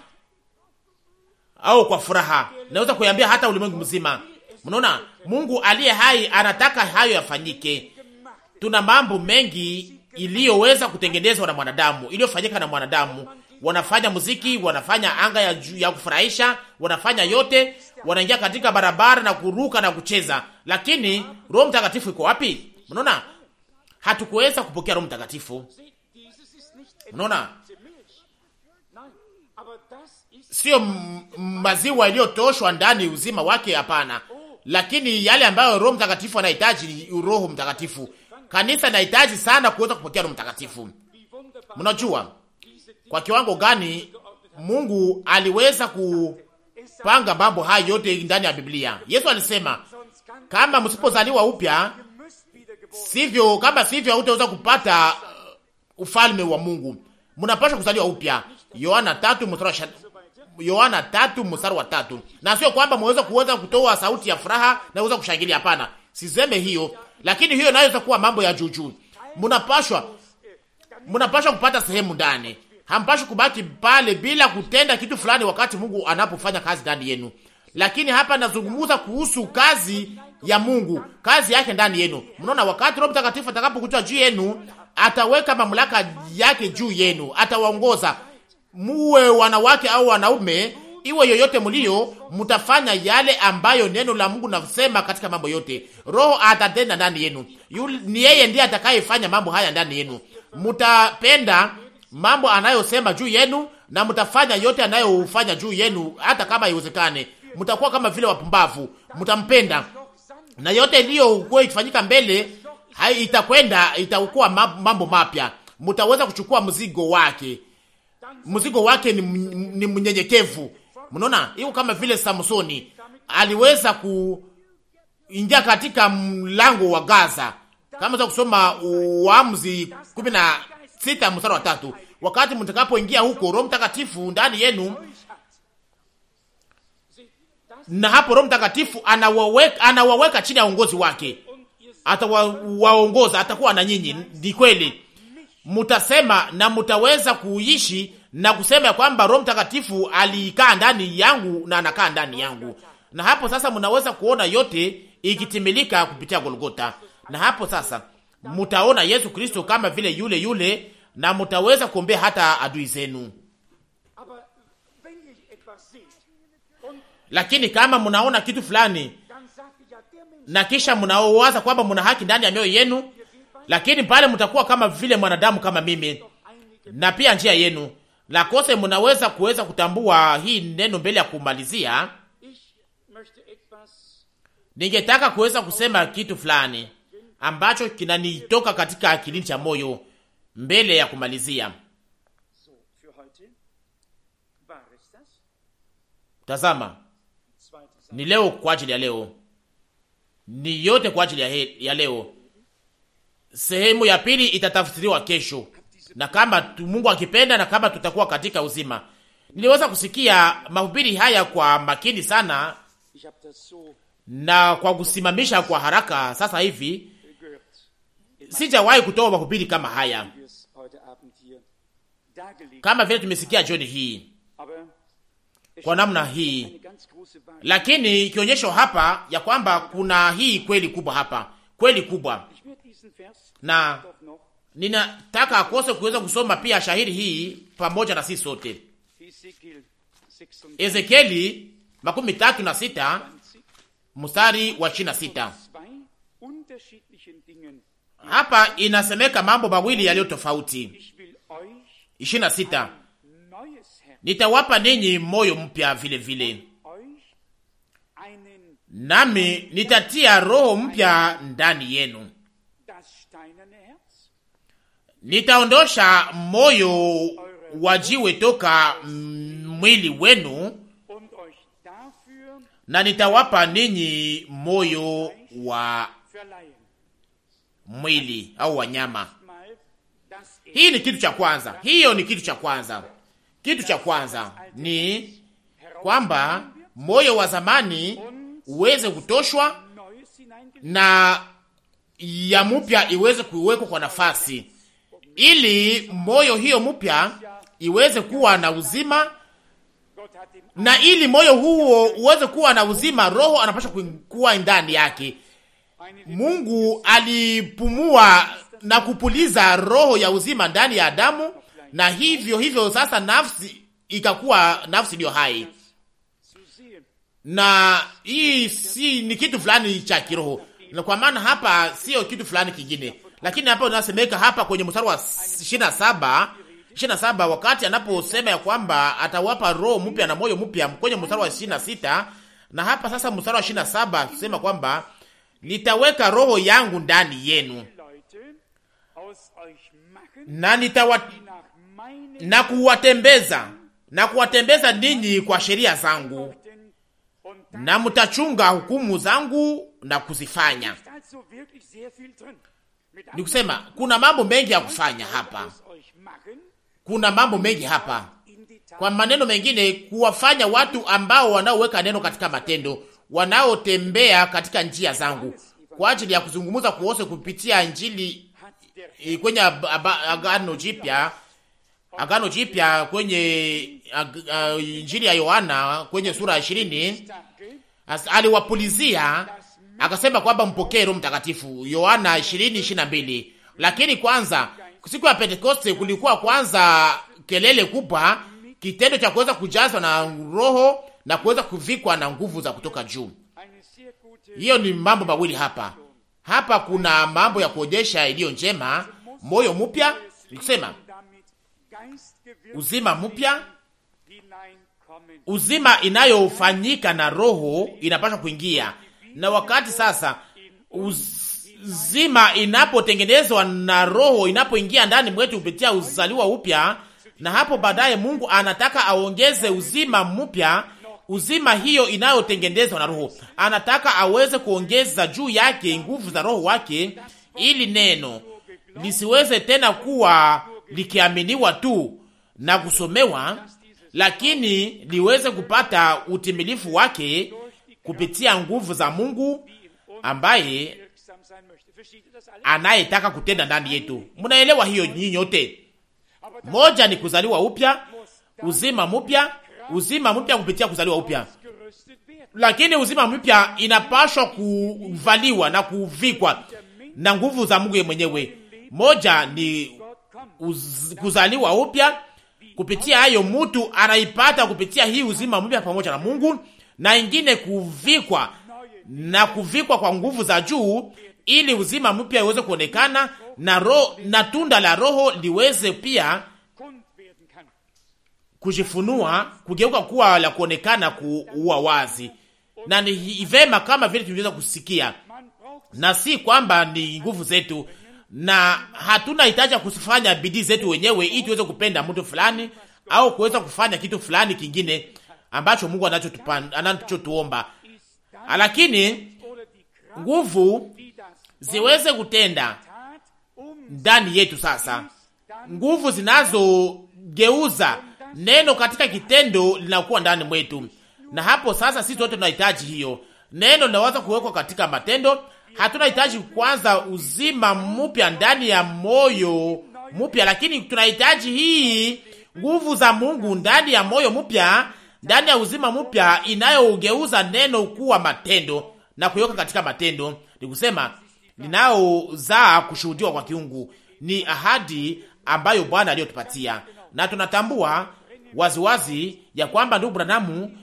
au kwa furaha, naweza kuiambia hata ulimwengu mzima. Mnaona, Mungu aliye hai anataka hayo yafanyike. Tuna mambo mengi iliyoweza kutengenezwa na mwanadamu, iliyofanyika na mwanadamu. Wanafanya muziki, wanafanya anga ya, ya kufurahisha, wanafanya yote, wanaingia katika barabara na kuruka na kucheza, lakini Roho Mtakatifu iko wapi? Mnaona, hatukuweza kupokea Roho Mtakatifu. Mnaona sio maziwa iliyotoshwa ndani uzima wake, hapana, lakini yale ambayo Roho Mtakatifu anahitaji ni Roho Mtakatifu. Kanisa linahitaji sana kuweza kupokea Roho Mtakatifu. Mnajua kwa kiwango gani Mungu aliweza kupanga mambo hayo yote ndani ya Biblia. Yesu alisema kama msipozaliwa upya, sivyo, kama sivyo hautaweza kupata uh, ufalme wa Mungu. Mnapaswa kuzaliwa upya, Yohana 3 Yohana tatu mstari wa tatu. Na sio kwamba mweza kuweza kutoa sauti ya furaha na kuweza kushangilia, hapana, siseme hiyo, lakini hiyo inaweza kuwa mambo ya juujuu. Mnapashwa mnapashwa kupata sehemu ndani, hampashi kubaki pale bila kutenda kitu fulani wakati Mungu anapofanya kazi ndani yenu. Lakini hapa nazungumza kuhusu kazi ya Mungu, kazi yake ndani yenu. Mnaona, wakati Roho Mtakatifu atakapokuja juu yenu, ataweka mamlaka yake juu yenu, atawaongoza muwe wanawake au wanaume, iwe yoyote mlio, mtafanya yale ambayo neno la Mungu nasema katika mambo yote. Roho atatenda ndani yenu, ni yeye ndiye atakayefanya mambo haya ndani yenu. Mtapenda mambo anayosema juu yenu na mtafanya yote anayofanya juu yenu, hata kama iwezekane. Mtakuwa kama vile wapumbavu, mtampenda na yote iliyokuwa ikifanyika mbele hai itakwenda itakuwa mambo mapya, mtaweza kuchukua mzigo wake mzigo wake ni, ni mnyenyekevu. Mnaona hiyo, kama vile Samsoni aliweza kuingia katika mlango wa Gaza, kama za kusoma uamzi kumi na sita mstari wa tatu wakati mtakapoingia huko, Roho Mtakatifu ndani yenu na hapo Roho Mtakatifu anawaweka, anawaweka chini ya uongozi wake, atawaongoza atakuwa na nyinyi. Ni kweli, mutasema na mutaweza kuishi na kusema ya kwamba Roho Mtakatifu alikaa ndani yangu na anakaa ndani yangu, na hapo sasa mnaweza kuona yote ikitimilika kupitia Golgota, na hapo sasa mutaona Yesu Kristo kama vile yule yule, na mutaweza kuombea hata adui zenu. Lakini kama mnaona kitu fulani na kisha mnaowaza kwamba mna haki ndani ya mioyo yenu, lakini pale mtakuwa kama vile mwanadamu kama mimi na pia njia yenu la kose, munaweza kuweza kutambua hii neno mbele ya kumalizia. Ningetaka kuweza kusema kitu fulani ambacho kinanitoka katika akilini cha moyo mbele ya kumalizia. Tazama, ni leo kwa ajili ya leo, ni yote kwa ajili ya, ya leo. Sehemu ya pili itatafsiriwa kesho na kama Mungu akipenda na kama tutakuwa katika uzima. Niliweza kusikia mahubiri haya kwa makini sana na kwa kusimamisha kwa haraka. Sasa hivi sijawahi kutoa mahubiri kama haya kama vile tumesikia jioni hii kwa namna hii, lakini kionyesho hapa ya kwamba kuna hii kweli kubwa hapa, kweli kubwa na ninataka akose kuweza kusoma pia shahiri hii pamoja na sisi sote. Ezekieli makumi tatu na sita mstari wa ishirini na sita hapa inasemeka mambo mawili yaliyo tofauti. ishirini na sita nitawapa ninyi moyo mpya vile vile, nami nitatia roho mpya ndani yenu nitaondosha moyo wa jiwe toka mwili wenu na nitawapa ninyi moyo wa mwili au wanyama. Hii ni kitu cha kwanza, hiyo ni kitu cha kwanza. Kitu cha kwanza ni kwamba moyo wa zamani uweze kutoshwa na ya mupya iweze kuwekwa kwa nafasi ili moyo hiyo mpya iweze kuwa na uzima, na ili moyo huo uweze kuwa na uzima, Roho anapaswa kuwa ndani yake. Mungu alipumua na kupuliza roho ya uzima ndani ya Adamu, na hivyo hivyo sasa nafsi ikakuwa nafsi iliyo hai, na hii si ni kitu fulani cha kiroho, na kwa maana hapa sio kitu fulani kingine lakini hapa unasemeka hapa kwenye mstari wa 27 27 wakati anaposema ya kwamba atawapa roho mpya na moyo mpya kwenye mstari wa 26 na hapa sasa mstari wa 27 tusema kwamba nitaweka roho yangu ndani yenu na nitawa na kuwatembeza na kuwatembeza ninyi kwa sheria zangu na mtachunga hukumu zangu na kuzifanya ni kusema kuna mambo mengi ya kufanya hapa, kuna mambo mengi hapa. Kwa maneno mengine, kuwafanya watu ambao wanaoweka neno katika matendo, wanaotembea katika njia zangu, kwa ajili ya kuzungumza kuose kupitia Injili eh, kwenye Agano Jipya, Agano Jipya kwenye njili eh, Injili ya Yohana kwenye sura ya ishirini aliwapulizia akasema kwamba mpokee Roho Mtakatifu, Yohana 20:22. Lakini kwanza siku ya Pentekoste kulikuwa kwanza kelele kubwa, kitendo cha kuweza kujazwa na Roho na kuweza kuvikwa na nguvu za kutoka juu. Hiyo ni mambo mawili hapa. Hapa kuna mambo ya kuonyesha iliyo njema, moyo mpya, nikusema uzima mpya, uzima inayofanyika na Roho inapaswa kuingia na wakati sasa uzima inapotengenezwa na roho inapoingia ndani mwetu kupitia uzaliwa upya, na hapo baadaye Mungu anataka aongeze uzima mpya, uzima hiyo inayotengenezwa na roho. Anataka aweze kuongeza juu yake nguvu za roho wake, ili neno lisiweze tena kuwa likiaminiwa tu na kusomewa, lakini liweze kupata utimilifu wake kupitia nguvu za Mungu ambaye anayetaka kutenda ndani yetu. Mnaelewa hiyo nyinyi nyote? Moja ni kuzaliwa upya, uzima mpya, uzima mpya kupitia kuzaliwa upya. Lakini uzima mpya inapashwa kuvaliwa na kuvikwa na nguvu za Mungu ye mwenyewe. Moja ni uz, kuzaliwa upya kupitia hayo mtu anaipata kupitia hii uzima mpya pamoja na Mungu, na ingine kuvikwa na kuvikwa kwa nguvu za juu, ili uzima mpya uweze kuonekana na ro, na tunda la Roho liweze pia kujifunua kugeuka kuwa la kuonekana kuwa wazi, na ni ivema kama vile tunaweza kusikia, na si kwamba ni nguvu zetu, na hatuna hitaji ya kufanya bidii zetu wenyewe ili tuweze kupenda mtu fulani au kuweza kufanya kitu fulani kingine ambacho Mungu anachotuomba, lakini nguvu ziweze kutenda ndani yetu. Sasa nguvu zinazogeuza neno katika kitendo linakuwa ndani mwetu, na hapo sasa sisi wote tunahitaji hiyo. Neno linaweza kuwekwa katika matendo. hitaji kwanza uzima mpya ndani ya moyo mpya, lakini tunahitaji hii nguvu za Mungu ndani ya moyo mpya ndani ya uzima mpya inayougeuza neno kuwa matendo na kuyoka katika matendo, ni kusema ninaozaa kushuhudiwa kwa kiungu. Ni ahadi ambayo Bwana aliyotupatia, na tunatambua waziwazi ya kwamba ndugu Branamu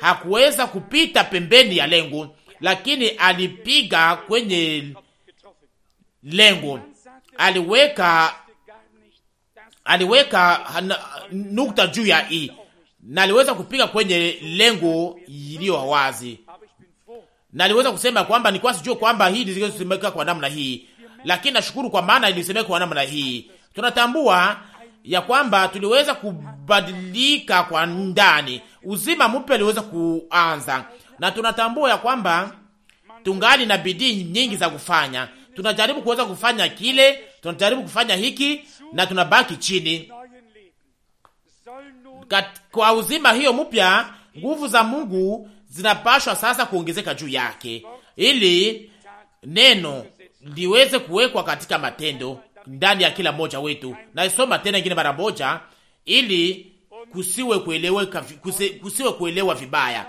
hakuweza kupita pembeni ya lengo, lakini alipiga kwenye lengo, aliweka aliweka nukta juu ya i na aliweza kupiga kwenye lengo iliyo wazi, na aliweza kusema kwamba nilikuwa sijua kwamba hii ilisemeka kwa namna hii, lakini nashukuru kwa maana ilisemeka kwa namna hii. Tunatambua ya kwamba tuliweza kubadilika kwa ndani, uzima mpya uliweza kuanza, na tunatambua ya kwamba tungali na bidii nyingi za kufanya. Tunajaribu kuweza kufanya kile, tunajaribu kufanya hiki na tunabaki chini Kat, kwa uzima hiyo mpya nguvu za Mungu zinapashwa sasa kuongezeka juu yake ili neno liweze kuwekwa katika matendo ndani ya kila mmoja wetu. Naisoma tena ingine mara moja ili kusiwe kueleweka, kusiwe kuelewa vibaya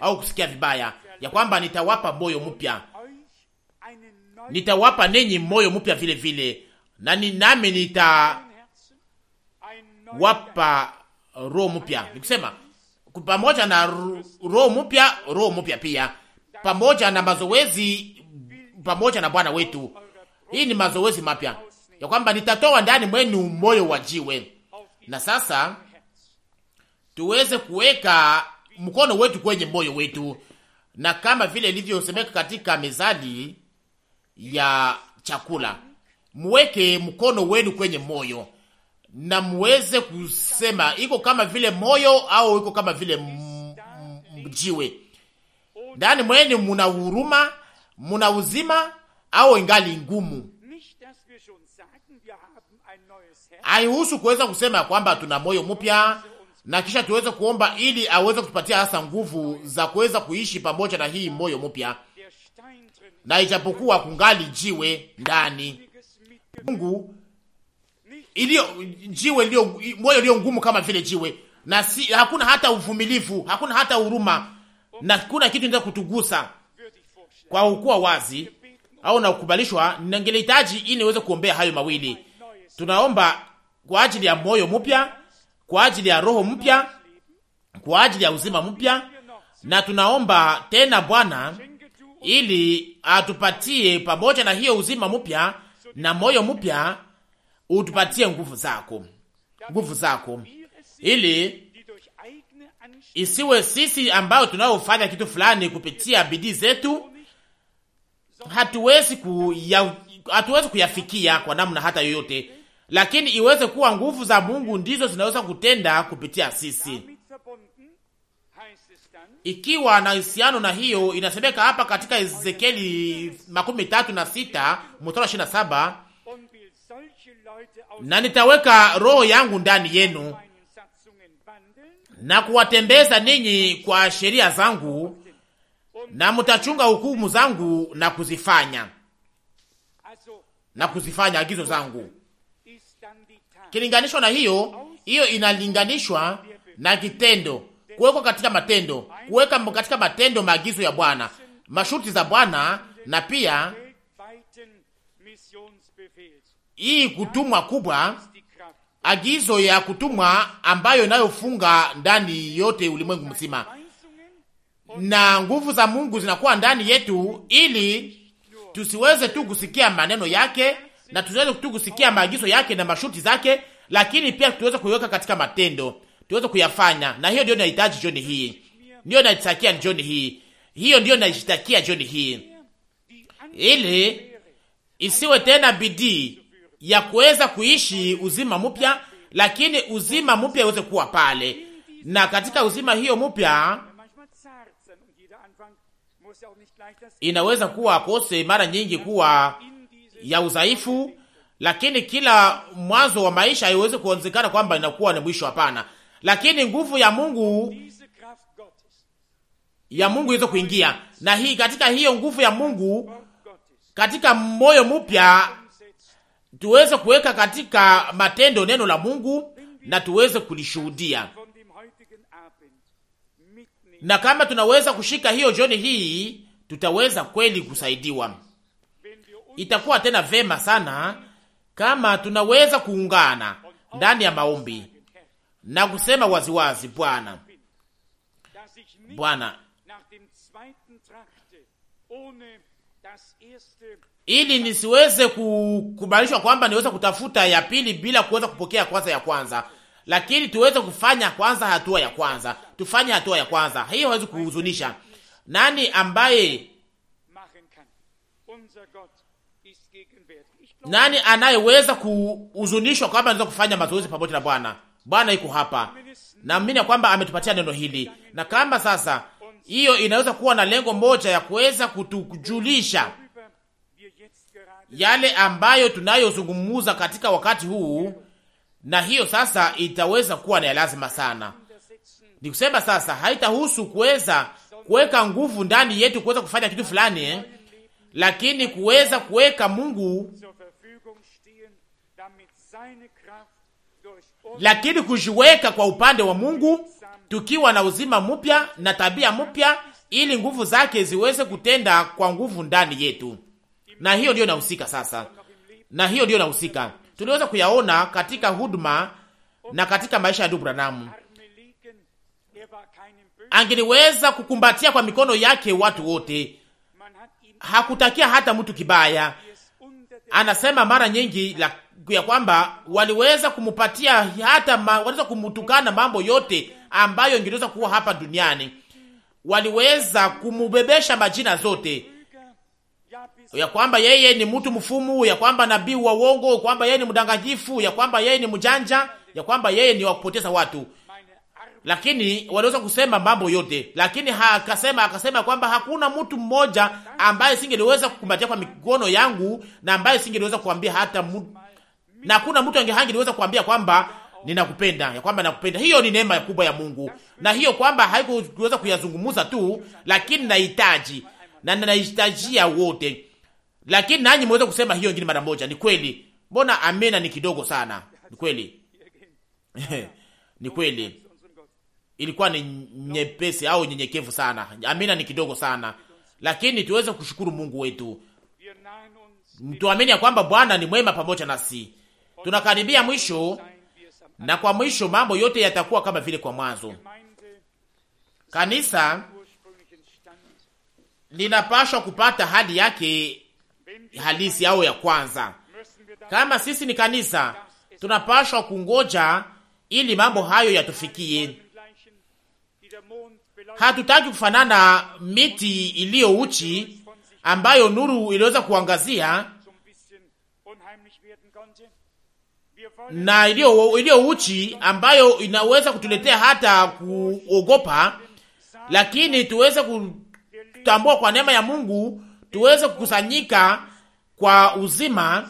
au kusikia vibaya ya kwamba nitawapa moyo mpya, nitawapa ninyi moyo mpya vile vile, na nami nitawapa roho mpya, nikusema pamoja na roho mpya, roho mpya pia pamoja na mazoezi, pamoja na Bwana wetu. Hii ni mazoezi mapya ya kwamba nitatoa ndani mwenu moyo wa jiwe, na sasa tuweze kuweka mkono wetu kwenye moyo wetu, na kama vile ilivyosemeka katika mezali ya chakula, muweke mkono wenu kwenye moyo na muweze kusema iko kama vile moyo au iko kama vile jiwe ndani mweni, muna huruma, muna uzima au ingali ngumu. Haihusu kuweza kusema kwamba tuna moyo mpya na kisha tuweze kuomba ili aweze kutupatia hasa nguvu za kuweza kuishi pamoja na hii moyo mpya, na ijapokuwa kungali jiwe ndani Mungu iliyo jiwe iliyo moyo iliyo ngumu kama vile jiwe, na si, hakuna hata uvumilivu, hakuna hata huruma, na kuna kitu ndio kutugusa kwa ukuwa wazi au na kukubalishwa. Ningelihitaji ili niweze kuombea hayo mawili. Tunaomba kwa ajili ya moyo mpya, kwa ajili ya roho mpya, kwa ajili ya uzima mpya, na tunaomba tena Bwana ili atupatie pamoja na hiyo uzima mpya na moyo mpya utupatie nguvu zako, nguvu zako, ili isiwe sisi ambao tunaofanya kitu fulani kupitia bidii zetu, hatuwezi kuya, hatuwezi kuyafikia kwa namna hata yoyote, lakini iweze kuwa nguvu za Mungu ndizo zinaweza kutenda kupitia sisi. Ikiwa na uhusiano na hiyo, inasemeka hapa katika Ezekieli makumi tatu na sita mstari wa ishirini na saba na nitaweka roho yangu ndani yenu na kuwatembeza ninyi kwa sheria zangu, na mtachunga hukumu zangu na kuzifanya na kuzifanya agizo zangu. Kilinganishwa na hiyo hiyo, inalinganishwa na kitendo kuwekwa katika matendo, kuweka katika matendo maagizo ya Bwana, masharti za Bwana na pia hii kutumwa kubwa, agizo ya kutumwa ambayo inayofunga ndani yote ulimwengu mzima, na nguvu za Mungu zinakuwa ndani yetu, ili tusiweze tu kusikia maneno yake na tusiweze tu kusikia maagizo yake na masharti zake, lakini pia tuweze kuiweka katika matendo, tuweze kuyafanya. Na hiyo ndio inahitaji jioni hii, ndio naitakia jioni hii, hiyo ndio naitakia jioni hii, ili isiwe tena bidii ya kuweza kuishi uzima mpya, lakini uzima mpya iweze kuwa pale, na katika uzima hiyo mpya inaweza kuwa kose mara nyingi kuwa ya udhaifu, lakini kila mwanzo wa maisha haiwezi kuonekana kwamba inakuwa ni mwisho. Hapana, lakini nguvu ya Mungu ya Mungu iweze kuingia na hii katika hiyo nguvu ya Mungu katika moyo mpya tuweze kuweka katika matendo neno la Mungu na tuweze kulishuhudia, na kama tunaweza kushika hiyo jioni hii, tutaweza kweli kusaidiwa. Itakuwa tena vema sana kama tunaweza kuungana ndani ya maombi na kusema waziwazi, Bwana, Bwana ili nisiweze kukubalishwa kwamba niweze kutafuta ya pili bila kuweza kupokea kwanza ya kwanza, lakini tuweze kufanya kwanza hatua ya kwanza, tufanye hatua ya kwanza. Hiyo hawezi kuhuzunisha nani ambaye nani anayeweza kuhuzunishwa kwamba anaweza kufanya mazoezi pamoja na Bwana. Bwana yuko hapa, naamini ya kwamba ametupatia neno hili, na kama sasa hiyo inaweza kuwa na lengo moja ya kuweza kutujulisha yale ambayo tunayozungumuza katika wakati huu, na hiyo sasa itaweza kuwa ni ya lazima sana. Ni kusema sasa haitahusu kuweza kuweka nguvu ndani yetu kuweza kufanya kitu fulani, eh, lakini kuweza kuweka Mungu, lakini kujiweka kwa upande wa Mungu tukiwa na uzima mpya na tabia mpya, ili nguvu zake ziweze kutenda kwa nguvu ndani yetu na hiyo ndiyo inahusika sasa, na hiyo ndiyo inahusika. Tuliweza kuyaona katika huduma na katika maisha ya ndugu Branham. Angeliweza kukumbatia kwa mikono yake watu wote, hakutakia hata mtu kibaya. Anasema mara nyingi la, ya kwamba waliweza kumupatia hata ma, waliweza kumtukana mambo yote ambayo ingeweza kuwa hapa duniani, waliweza kumubebesha majina zote ya kwamba yeye ni mtu mfumu, ya kwamba nabii wa uongo, kwamba yeye ni mdanganyifu, ya kwamba yeye ni mjanja, ya kwamba yeye ni wakupoteza watu, lakini waliweza kusema mambo yote, lakini hakasema, akasema kwamba hakuna mtu mmoja ambaye singeliweza kukumbatia kwa mikono yangu na ambaye singeliweza kuambia hata mu... na hakuna mtu angehangeliweza kuambia kwamba ninakupenda ya kwamba nakupenda. Hiyo ni neema kubwa ya Mungu, na hiyo kwamba haikuweza kuyazungumza tu, lakini nahitaji na ninahitajia wote na lakini nanyi mweza kusema hiyo ingine mara moja. Ni kweli, mbona amena ni kidogo sana? Ni kweli ni kweli, ilikuwa ni nyepesi au nyenyekevu sana. Amina ni kidogo sana, lakini tuweze kushukuru Mungu wetu. Tuamini ya kwamba Bwana ni mwema pamoja nasi. Tunakaribia mwisho, na kwa mwisho mambo yote yatakuwa kama vile kwa mwanzo. Kanisa linapashwa kupata hali yake halisi au ya kwanza. Kama sisi ni kanisa, tunapashwa kungoja ili mambo hayo yatufikie. Hatutaki kufanana miti iliyo uchi ambayo nuru iliweza kuangazia na iliyo iliyo uchi ambayo inaweza kutuletea hata kuogopa, lakini tuweze kutambua kwa neema ya Mungu tuweze kukusanyika kwa uzima,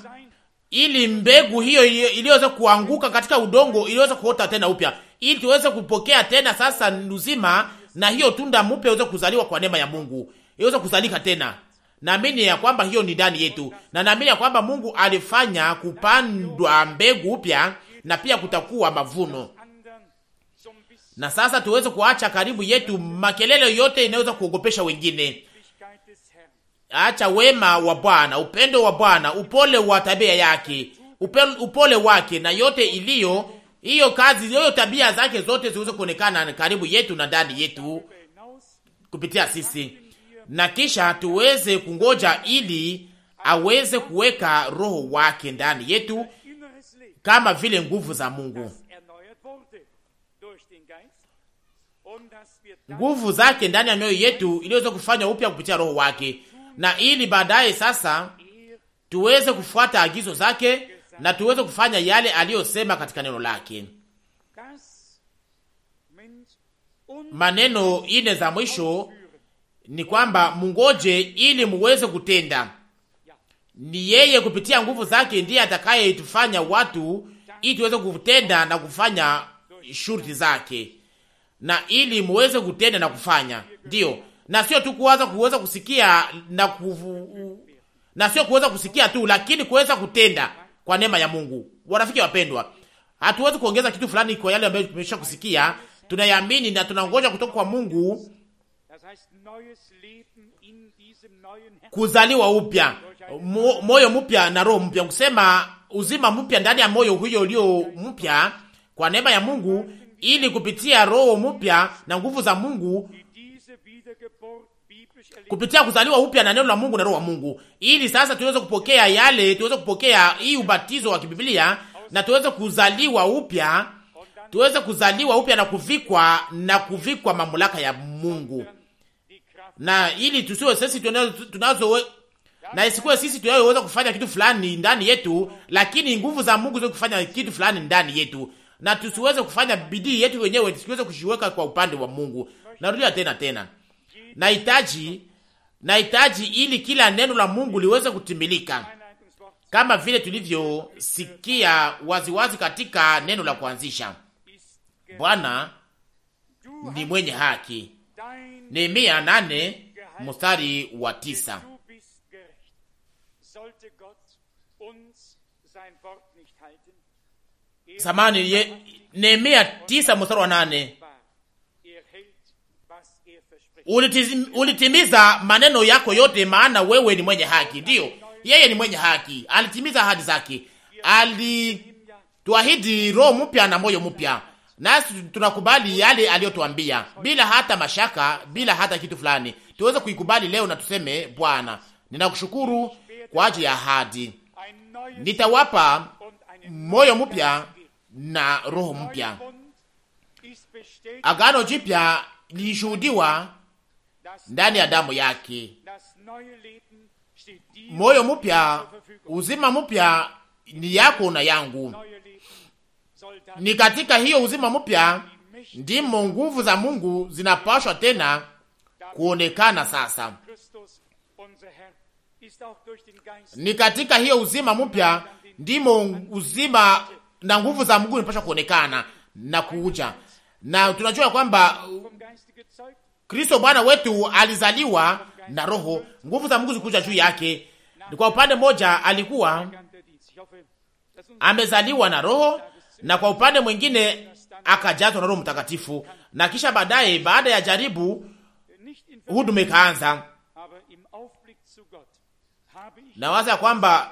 ili mbegu hiyo iliyoweza kuanguka katika udongo iliweze kuota tena upya, ili tuweze kupokea tena sasa uzima, na hiyo tunda mpya iweze kuzaliwa kwa neema ya Mungu, iweze kuzalika tena. Naamini ya kwamba hiyo ni ndani yetu, na naamini ya kwamba Mungu alifanya kupandwa mbegu upya na pia kutakuwa mavuno. Na sasa tuweze kuacha karibu yetu makelele yote inaweza kuogopesha wengine acha wema wa Bwana, upendo wa Bwana, upole wa tabia yake, upole, wake na yote iliyo hiyo kazi hiyo tabia zake zote ziweze kuonekana karibu yetu na ndani yetu kupitia sisi, na kisha tuweze kungoja ili aweze kuweka roho wake ndani yetu kama vile nguvu za Mungu, nguvu zake ndani ya mioyo yetu iliweza kufanya upya kupitia roho wake, na ili baadaye sasa tuweze kufuata agizo zake na tuweze kufanya yale aliyosema katika neno lake. Maneno ine za mwisho ni kwamba mungoje ili muweze kutenda. Ni yeye kupitia nguvu zake ndiye atakayetufanya watu ili tuweze kutenda na kufanya shurti zake, na ili muweze kutenda na kufanya. Ndiyo, na sio tu kuweza kuweza kusikia na kufu, na sio kuweza kusikia tu, lakini kuweza kutenda kwa neema ya Mungu. Warafiki wapendwa, hatuwezi kuongeza kitu fulani kwa yale ambayo tumesha kusikia, tunayamini na tunaongoja kutoka kwa Mungu kuzaliwa upya Mo, moyo mpya na roho mpya, kusema uzima mpya ndani ya moyo huyo ulio mpya kwa neema ya Mungu, ili kupitia roho mpya na nguvu za Mungu kupitia kuzaliwa upya na neno la Mungu na roho wa Mungu, ili sasa tuweze kupokea yale, tuweze kupokea hii ubatizo wa kibiblia na tuweze kuzaliwa upya, tuweze kuzaliwa upya na kuvikwa na kuvikwa mamlaka ya Mungu, na ili tusiwe sisi tunazo na isikuwe sisi tunayoweza kufanya kitu fulani ndani yetu, lakini nguvu za Mungu ziweze kufanya kitu fulani ndani yetu, na tusiweze kufanya bidii yetu wenyewe, tusiweze kujiweka kwa upande wa Mungu. Narudia tena tena nahitaji nahitaji, ili kila neno la Mungu liweze kutimilika kama vile tulivyosikia waziwazi katika neno la kuanzisha. Bwana ni mwenye haki. Nehemia nane mstari wa tisa. Samani, Nehemia tisa mstari wa nane ulitimiza maneno yako yote, maana wewe ni mwenye haki. Ndiyo, yeye ni mwenye haki, alitimiza ahadi zake, alituahidi roho mpya na moyo mpya, nasi tunakubali yale aliyotuambia bila hata mashaka, bila hata kitu fulani. Tuweze kuikubali leo na tuseme, Bwana, ninakushukuru kwa ajili ya ahadi, nitawapa moyo mpya na roho mpya. Agano jipya lilishuhudiwa ndani ya damu yake. Moyo mpya, uzima mpya ni yako na yangu. Ni katika hiyo uzima mpya ndimo nguvu za Mungu zinapashwa tena kuonekana sasa. Ni katika hiyo uzima mpya ndimo uzima na nguvu za Mungu zinapashwa kuonekana na kuuja, na tunajua kwamba Kristo Bwana wetu alizaliwa na Roho, nguvu za Mungu zikuja juu yake. Kwa upande mmoja alikuwa amezaliwa na Roho, na kwa upande mwingine akajazwa na Roho Mtakatifu, na kisha baadaye, baada ya jaribu, huduma ikaanza. Nawaza kwamba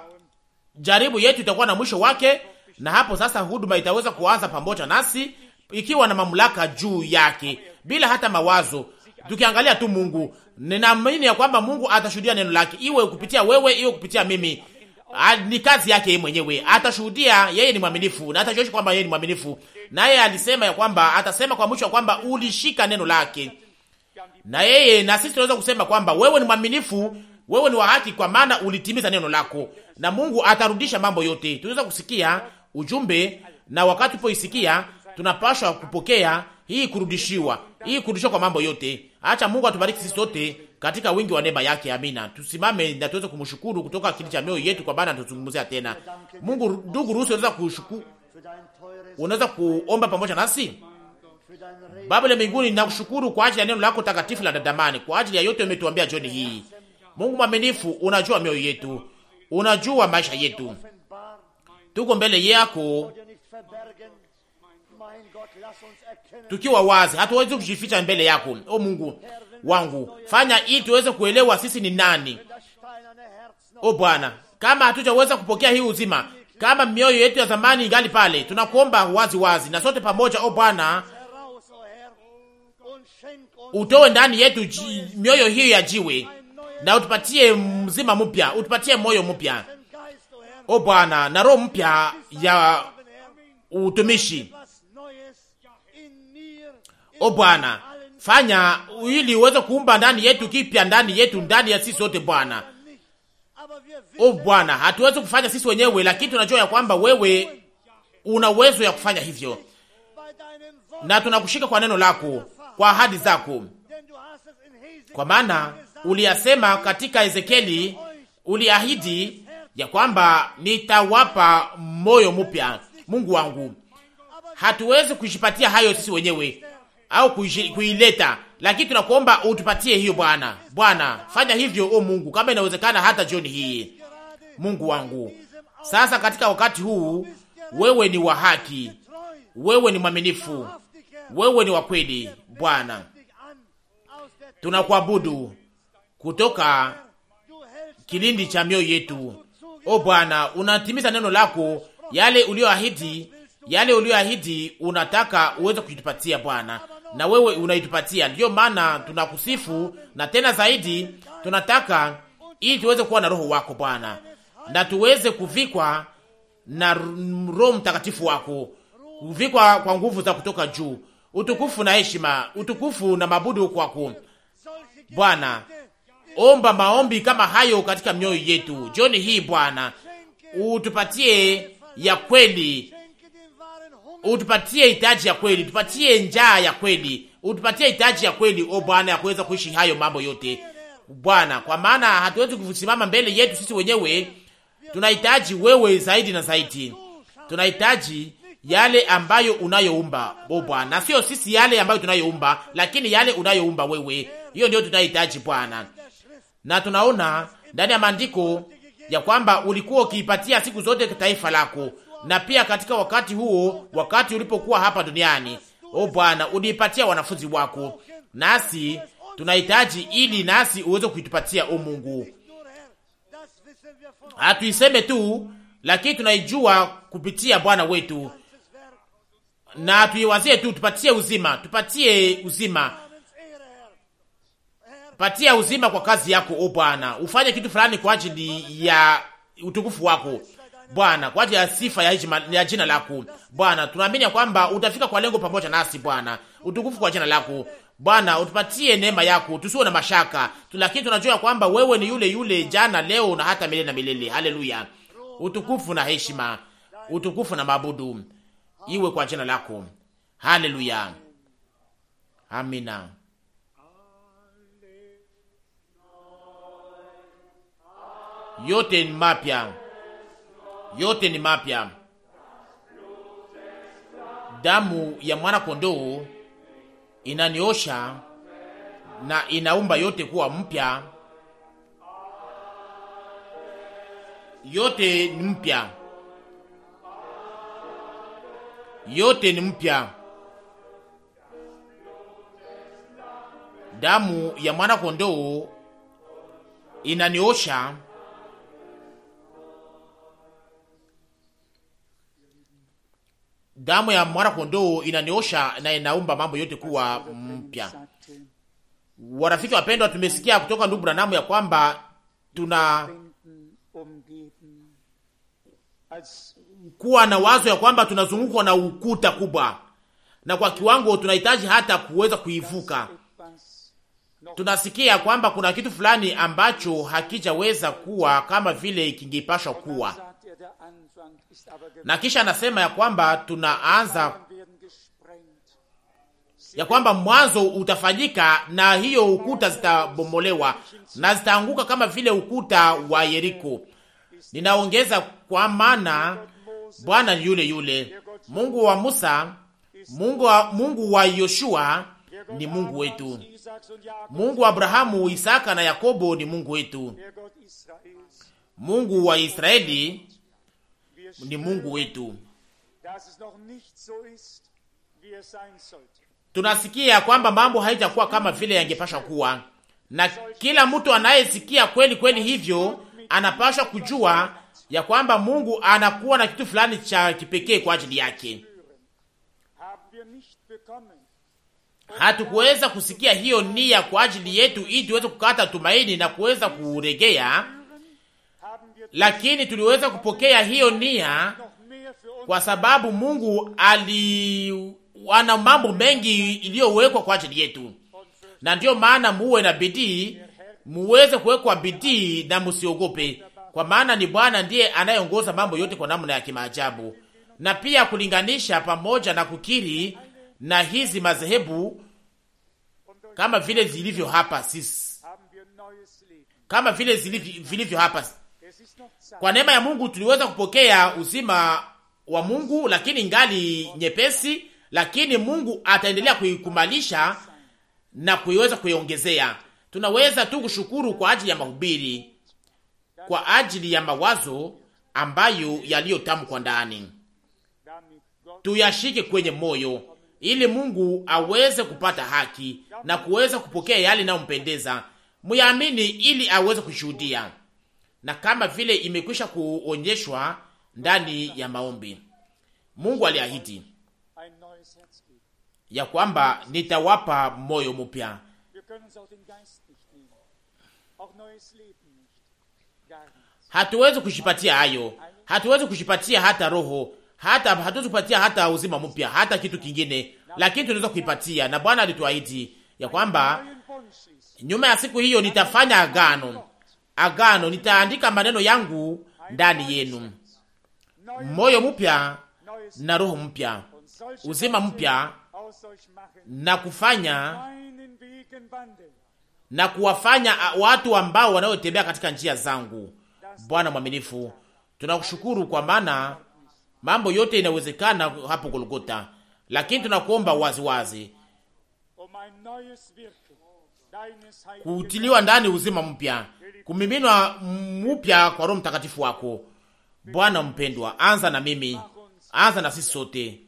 jaribu yetu itakuwa na mwisho wake, na hapo sasa huduma itaweza kuanza pamoja nasi, ikiwa na mamlaka juu yake, bila hata mawazo tukiangalia tu Mungu. Ninaamini ya kwamba Mungu atashuhudia neno lake, iwe kupitia wewe, iwe kupitia mimi. A, Ni kazi yake yeye mwenyewe, atashuhudia. Yeye ni mwaminifu na atashuhudia kwamba yeye ni mwaminifu, naye alisema ya kwamba atasema kwa mwisho ya kwamba ulishika neno lake, na yeye na sisi tunaweza kusema kwamba wewe ni mwaminifu, wewe ni wa haki, kwa maana ulitimiza neno lako, na Mungu atarudisha mambo yote. Tunaweza kusikia ujumbe, na wakati tupoisikia tunapashwa kupokea hii kurudishiwa, hii kurudishiwa kwa mambo yote. Acha Mungu atubariki sisi sote katika wingi wa neema yake. Amina. Tusimame na tuweze kumshukuru kutoka kile cha mioyo yetu, kwa maana tutazungumzia tena. Mungu ndugu Rusi, unaweza kushukuru, unaweza kuomba pamoja nasi. Baba ya mbinguni, ninakushukuru kwa ajili ya neno lako takatifu la dadamani, kwa ajili ya yote umetuambia jioni hii. Mungu mwaminifu, unajua mioyo yetu, unajua maisha yetu, tuko mbele yako tukiwa wazi, hatuwezi kujificha mbele yako. O Mungu wangu, fanya ili tuweze kuelewa sisi ni nani. O Bwana, kama hatujaweza kupokea hii uzima, kama mioyo yetu ya zamani ingali pale, tunakuomba wazi wazi na sote pamoja. O Bwana, utowe ndani yetu mioyo hiyo ya jiwe na utupatie mzima mpya, utupatie moyo mpya. O Bwana, na roho mpya ya utumishi O Bwana, fanya ili uweze kuumba ndani yetu kipya, ndani yetu, ndani ya sisi sote Bwana. O Bwana, hatuwezi kufanya sisi wenyewe, lakini tunajua ya kwamba wewe una uwezo ya kufanya hivyo, na tunakushika kwa neno lako, kwa ahadi zako, kwa maana uliyasema katika Ezekieli, uliahidi ya kwamba nitawapa moyo mpya. Mungu wangu, hatuwezi kujipatia hayo sisi wenyewe, au kuileta, lakini tunakuomba utupatie hiyo Bwana. Bwana, fanya hivyo o Mungu, kama inawezekana hata jioni hii. Mungu wangu, sasa katika wakati huu, wewe ni wa haki, wewe ni mwaminifu, wewe ni wa kweli. Bwana, tunakuabudu kutoka kilindi cha mioyo yetu. O Bwana, unatimiza neno lako, yale ulioahidi, yale ulioahidi unataka uweze kujitupatia Bwana na wewe unaitupatia. Ndiyo maana tunakusifu, na tena zaidi tunataka ili tuweze kuwa na roho wako Bwana, na tuweze kuvikwa na Roho Mtakatifu wako, kuvikwa kwa nguvu za kutoka juu, utukufu na heshima, utukufu na mabudu kwako Bwana. Omba maombi kama hayo katika mioyo yetu jioni hii Bwana, utupatie ya kweli utupatie hitaji ya kweli, tupatie njaa ya kweli, utupatie hitaji ya kweli, o Bwana, ya kuweza kuishi hayo mambo yote Bwana, kwa maana hatuwezi kusimama mbele yetu sisi wenyewe. Tunahitaji wewe zaidi na zaidi, tunahitaji yale ambayo unayoumba o Bwana, sio sisi yale ambayo tunayoumba, lakini yale unayoumba wewe, hiyo ndio tunahitaji Bwana. Na tunaona ndani ya maandiko ya kwamba ulikuwa ukiipatia siku zote taifa lako, na pia katika wakati huo, wakati ulipokuwa hapa duniani, o Bwana, uliipatia wanafunzi wako, nasi tunahitaji ili nasi uweze kuitupatia, o Mungu. Hatuiseme tu, lakini tunaijua kupitia Bwana wetu, na tuiwazie tu, tupatie uzima, tupatie uzima patia uzima kwa kazi yako, o Bwana. Ufanye kitu fulani kwa ajili ya utukufu wako, Bwana, kwa ajili ya sifa ya, hijima, ya jina lako Bwana. Tunaamini ya kwamba utafika kwa lengo pamoja nasi Bwana. Utukufu kwa jina lako Bwana, utupatie neema yako tusiwe na mashaka, lakini tunajua kwamba wewe ni yule yule jana, leo na hata milele na milele. Haleluya! Utukufu na heshima, utukufu na mabudu iwe kwa jina lako. Haleluya, amina. Yote ni mapya yote ni mapya. Damu ya mwana kondoo inaniosha na inaumba yote kuwa mpya, yote ni mpya, yote ni mpya. Damu ya mwana kondoo inaniosha Damu ya mwana kondoo inaniosha na inaumba mambo yote kuwa mpya. Warafiki wapendwa, tumesikia kutoka ndugu Branamu ya kwamba tuna kuwa na wazo ya kwamba tunazungukwa na ukuta kubwa, na kwa kiwango tunahitaji hata kuweza kuivuka. Tunasikia kwamba kuna kitu fulani ambacho hakijaweza kuwa kama vile kingepashwa kuwa na kisha anasema ya kwamba tunaanza ya kwamba mwanzo utafanyika na hiyo ukuta zitabomolewa na zitaanguka kama vile ukuta wa Yeriko. Ninaongeza kwa maana Bwana yule yule Mungu wa Musa, Mungu wa, Mungu wa Yoshua ni Mungu wetu. Mungu wa Abrahamu, Isaka na Yakobo ni Mungu wetu. Mungu wa Israeli ni Mungu wetu. Tunasikia kwamba mambo haitakuwa kama vile yangepasha kuwa, na kila mtu anayesikia kweli kweli hivyo anapashwa kujua ya kwamba Mungu anakuwa na kitu fulani cha kipekee kwa ajili yake. Hatukuweza kusikia hiyo nia kwa ajili yetu, ili tuweze kukata tumaini na kuweza kuregea lakini tuliweza kupokea hiyo nia kwa sababu Mungu ali ana mambo mengi iliyowekwa kwa ajili yetu, na ndiyo maana muwe na bidii, muweze kuwekwa bidii na msiogope, kwa maana ni Bwana ndiye anayeongoza mambo yote kwa namna ya kimaajabu. Na pia kulinganisha pamoja na kukiri na hizi madhehebu kama vile zilivyo hapa sisi, kama vile zilivyo hapa kwa neema ya Mungu tuliweza kupokea uzima wa Mungu, lakini ngali nyepesi, lakini Mungu ataendelea kuikumalisha na kuiweza kuiongezea. Tunaweza tu kushukuru kwa ajili ya mahubiri, kwa ajili ya mawazo ambayo yaliyotamu kwa ndani, tuyashike kwenye moyo ili Mungu aweze kupata haki na kuweza kupokea yale inayompendeza. Muyaamini ili aweze kushuhudia na kama vile imekwisha kuonyeshwa ndani ya maombi, Mungu aliahidi ya kwamba nitawapa moyo mpya. Hatuwezi kushipatia hayo, hatuwezi kushipatia hata roho hata, hatuwezi kupatia hata uzima mpya hata kitu kingine, lakini tunaweza kuipatia, na Bwana alituahidi ya kwamba nyuma ya siku hiyo nitafanya agano agano, nitaandika maneno yangu ndani yenu, moyo mpya na roho mpya, uzima mpya, na kufanya na kuwafanya watu ambao wanaotembea katika njia zangu. Bwana mwaminifu, tunakushukuru kwa maana mambo yote inawezekana hapo Golgota, lakini tunakuomba waziwazi kutiliwa ndani uzima mpya kumiminwa mupya kwa Roho Mtakatifu wako. Bwana mpendwa, anza na mimi, anza na sisi sote,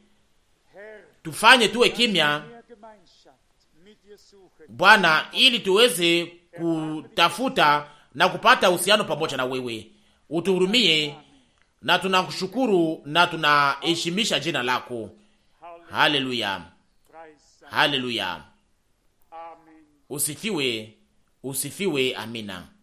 tufanye tuwe kimya Bwana, ili tuweze kutafuta na kupata uhusiano pamoja na wewe. Utuhurumie na tunakushukuru na tunaheshimisha jina lako. Haleluya, haleluya, usifiwe, usifiwe. Amina.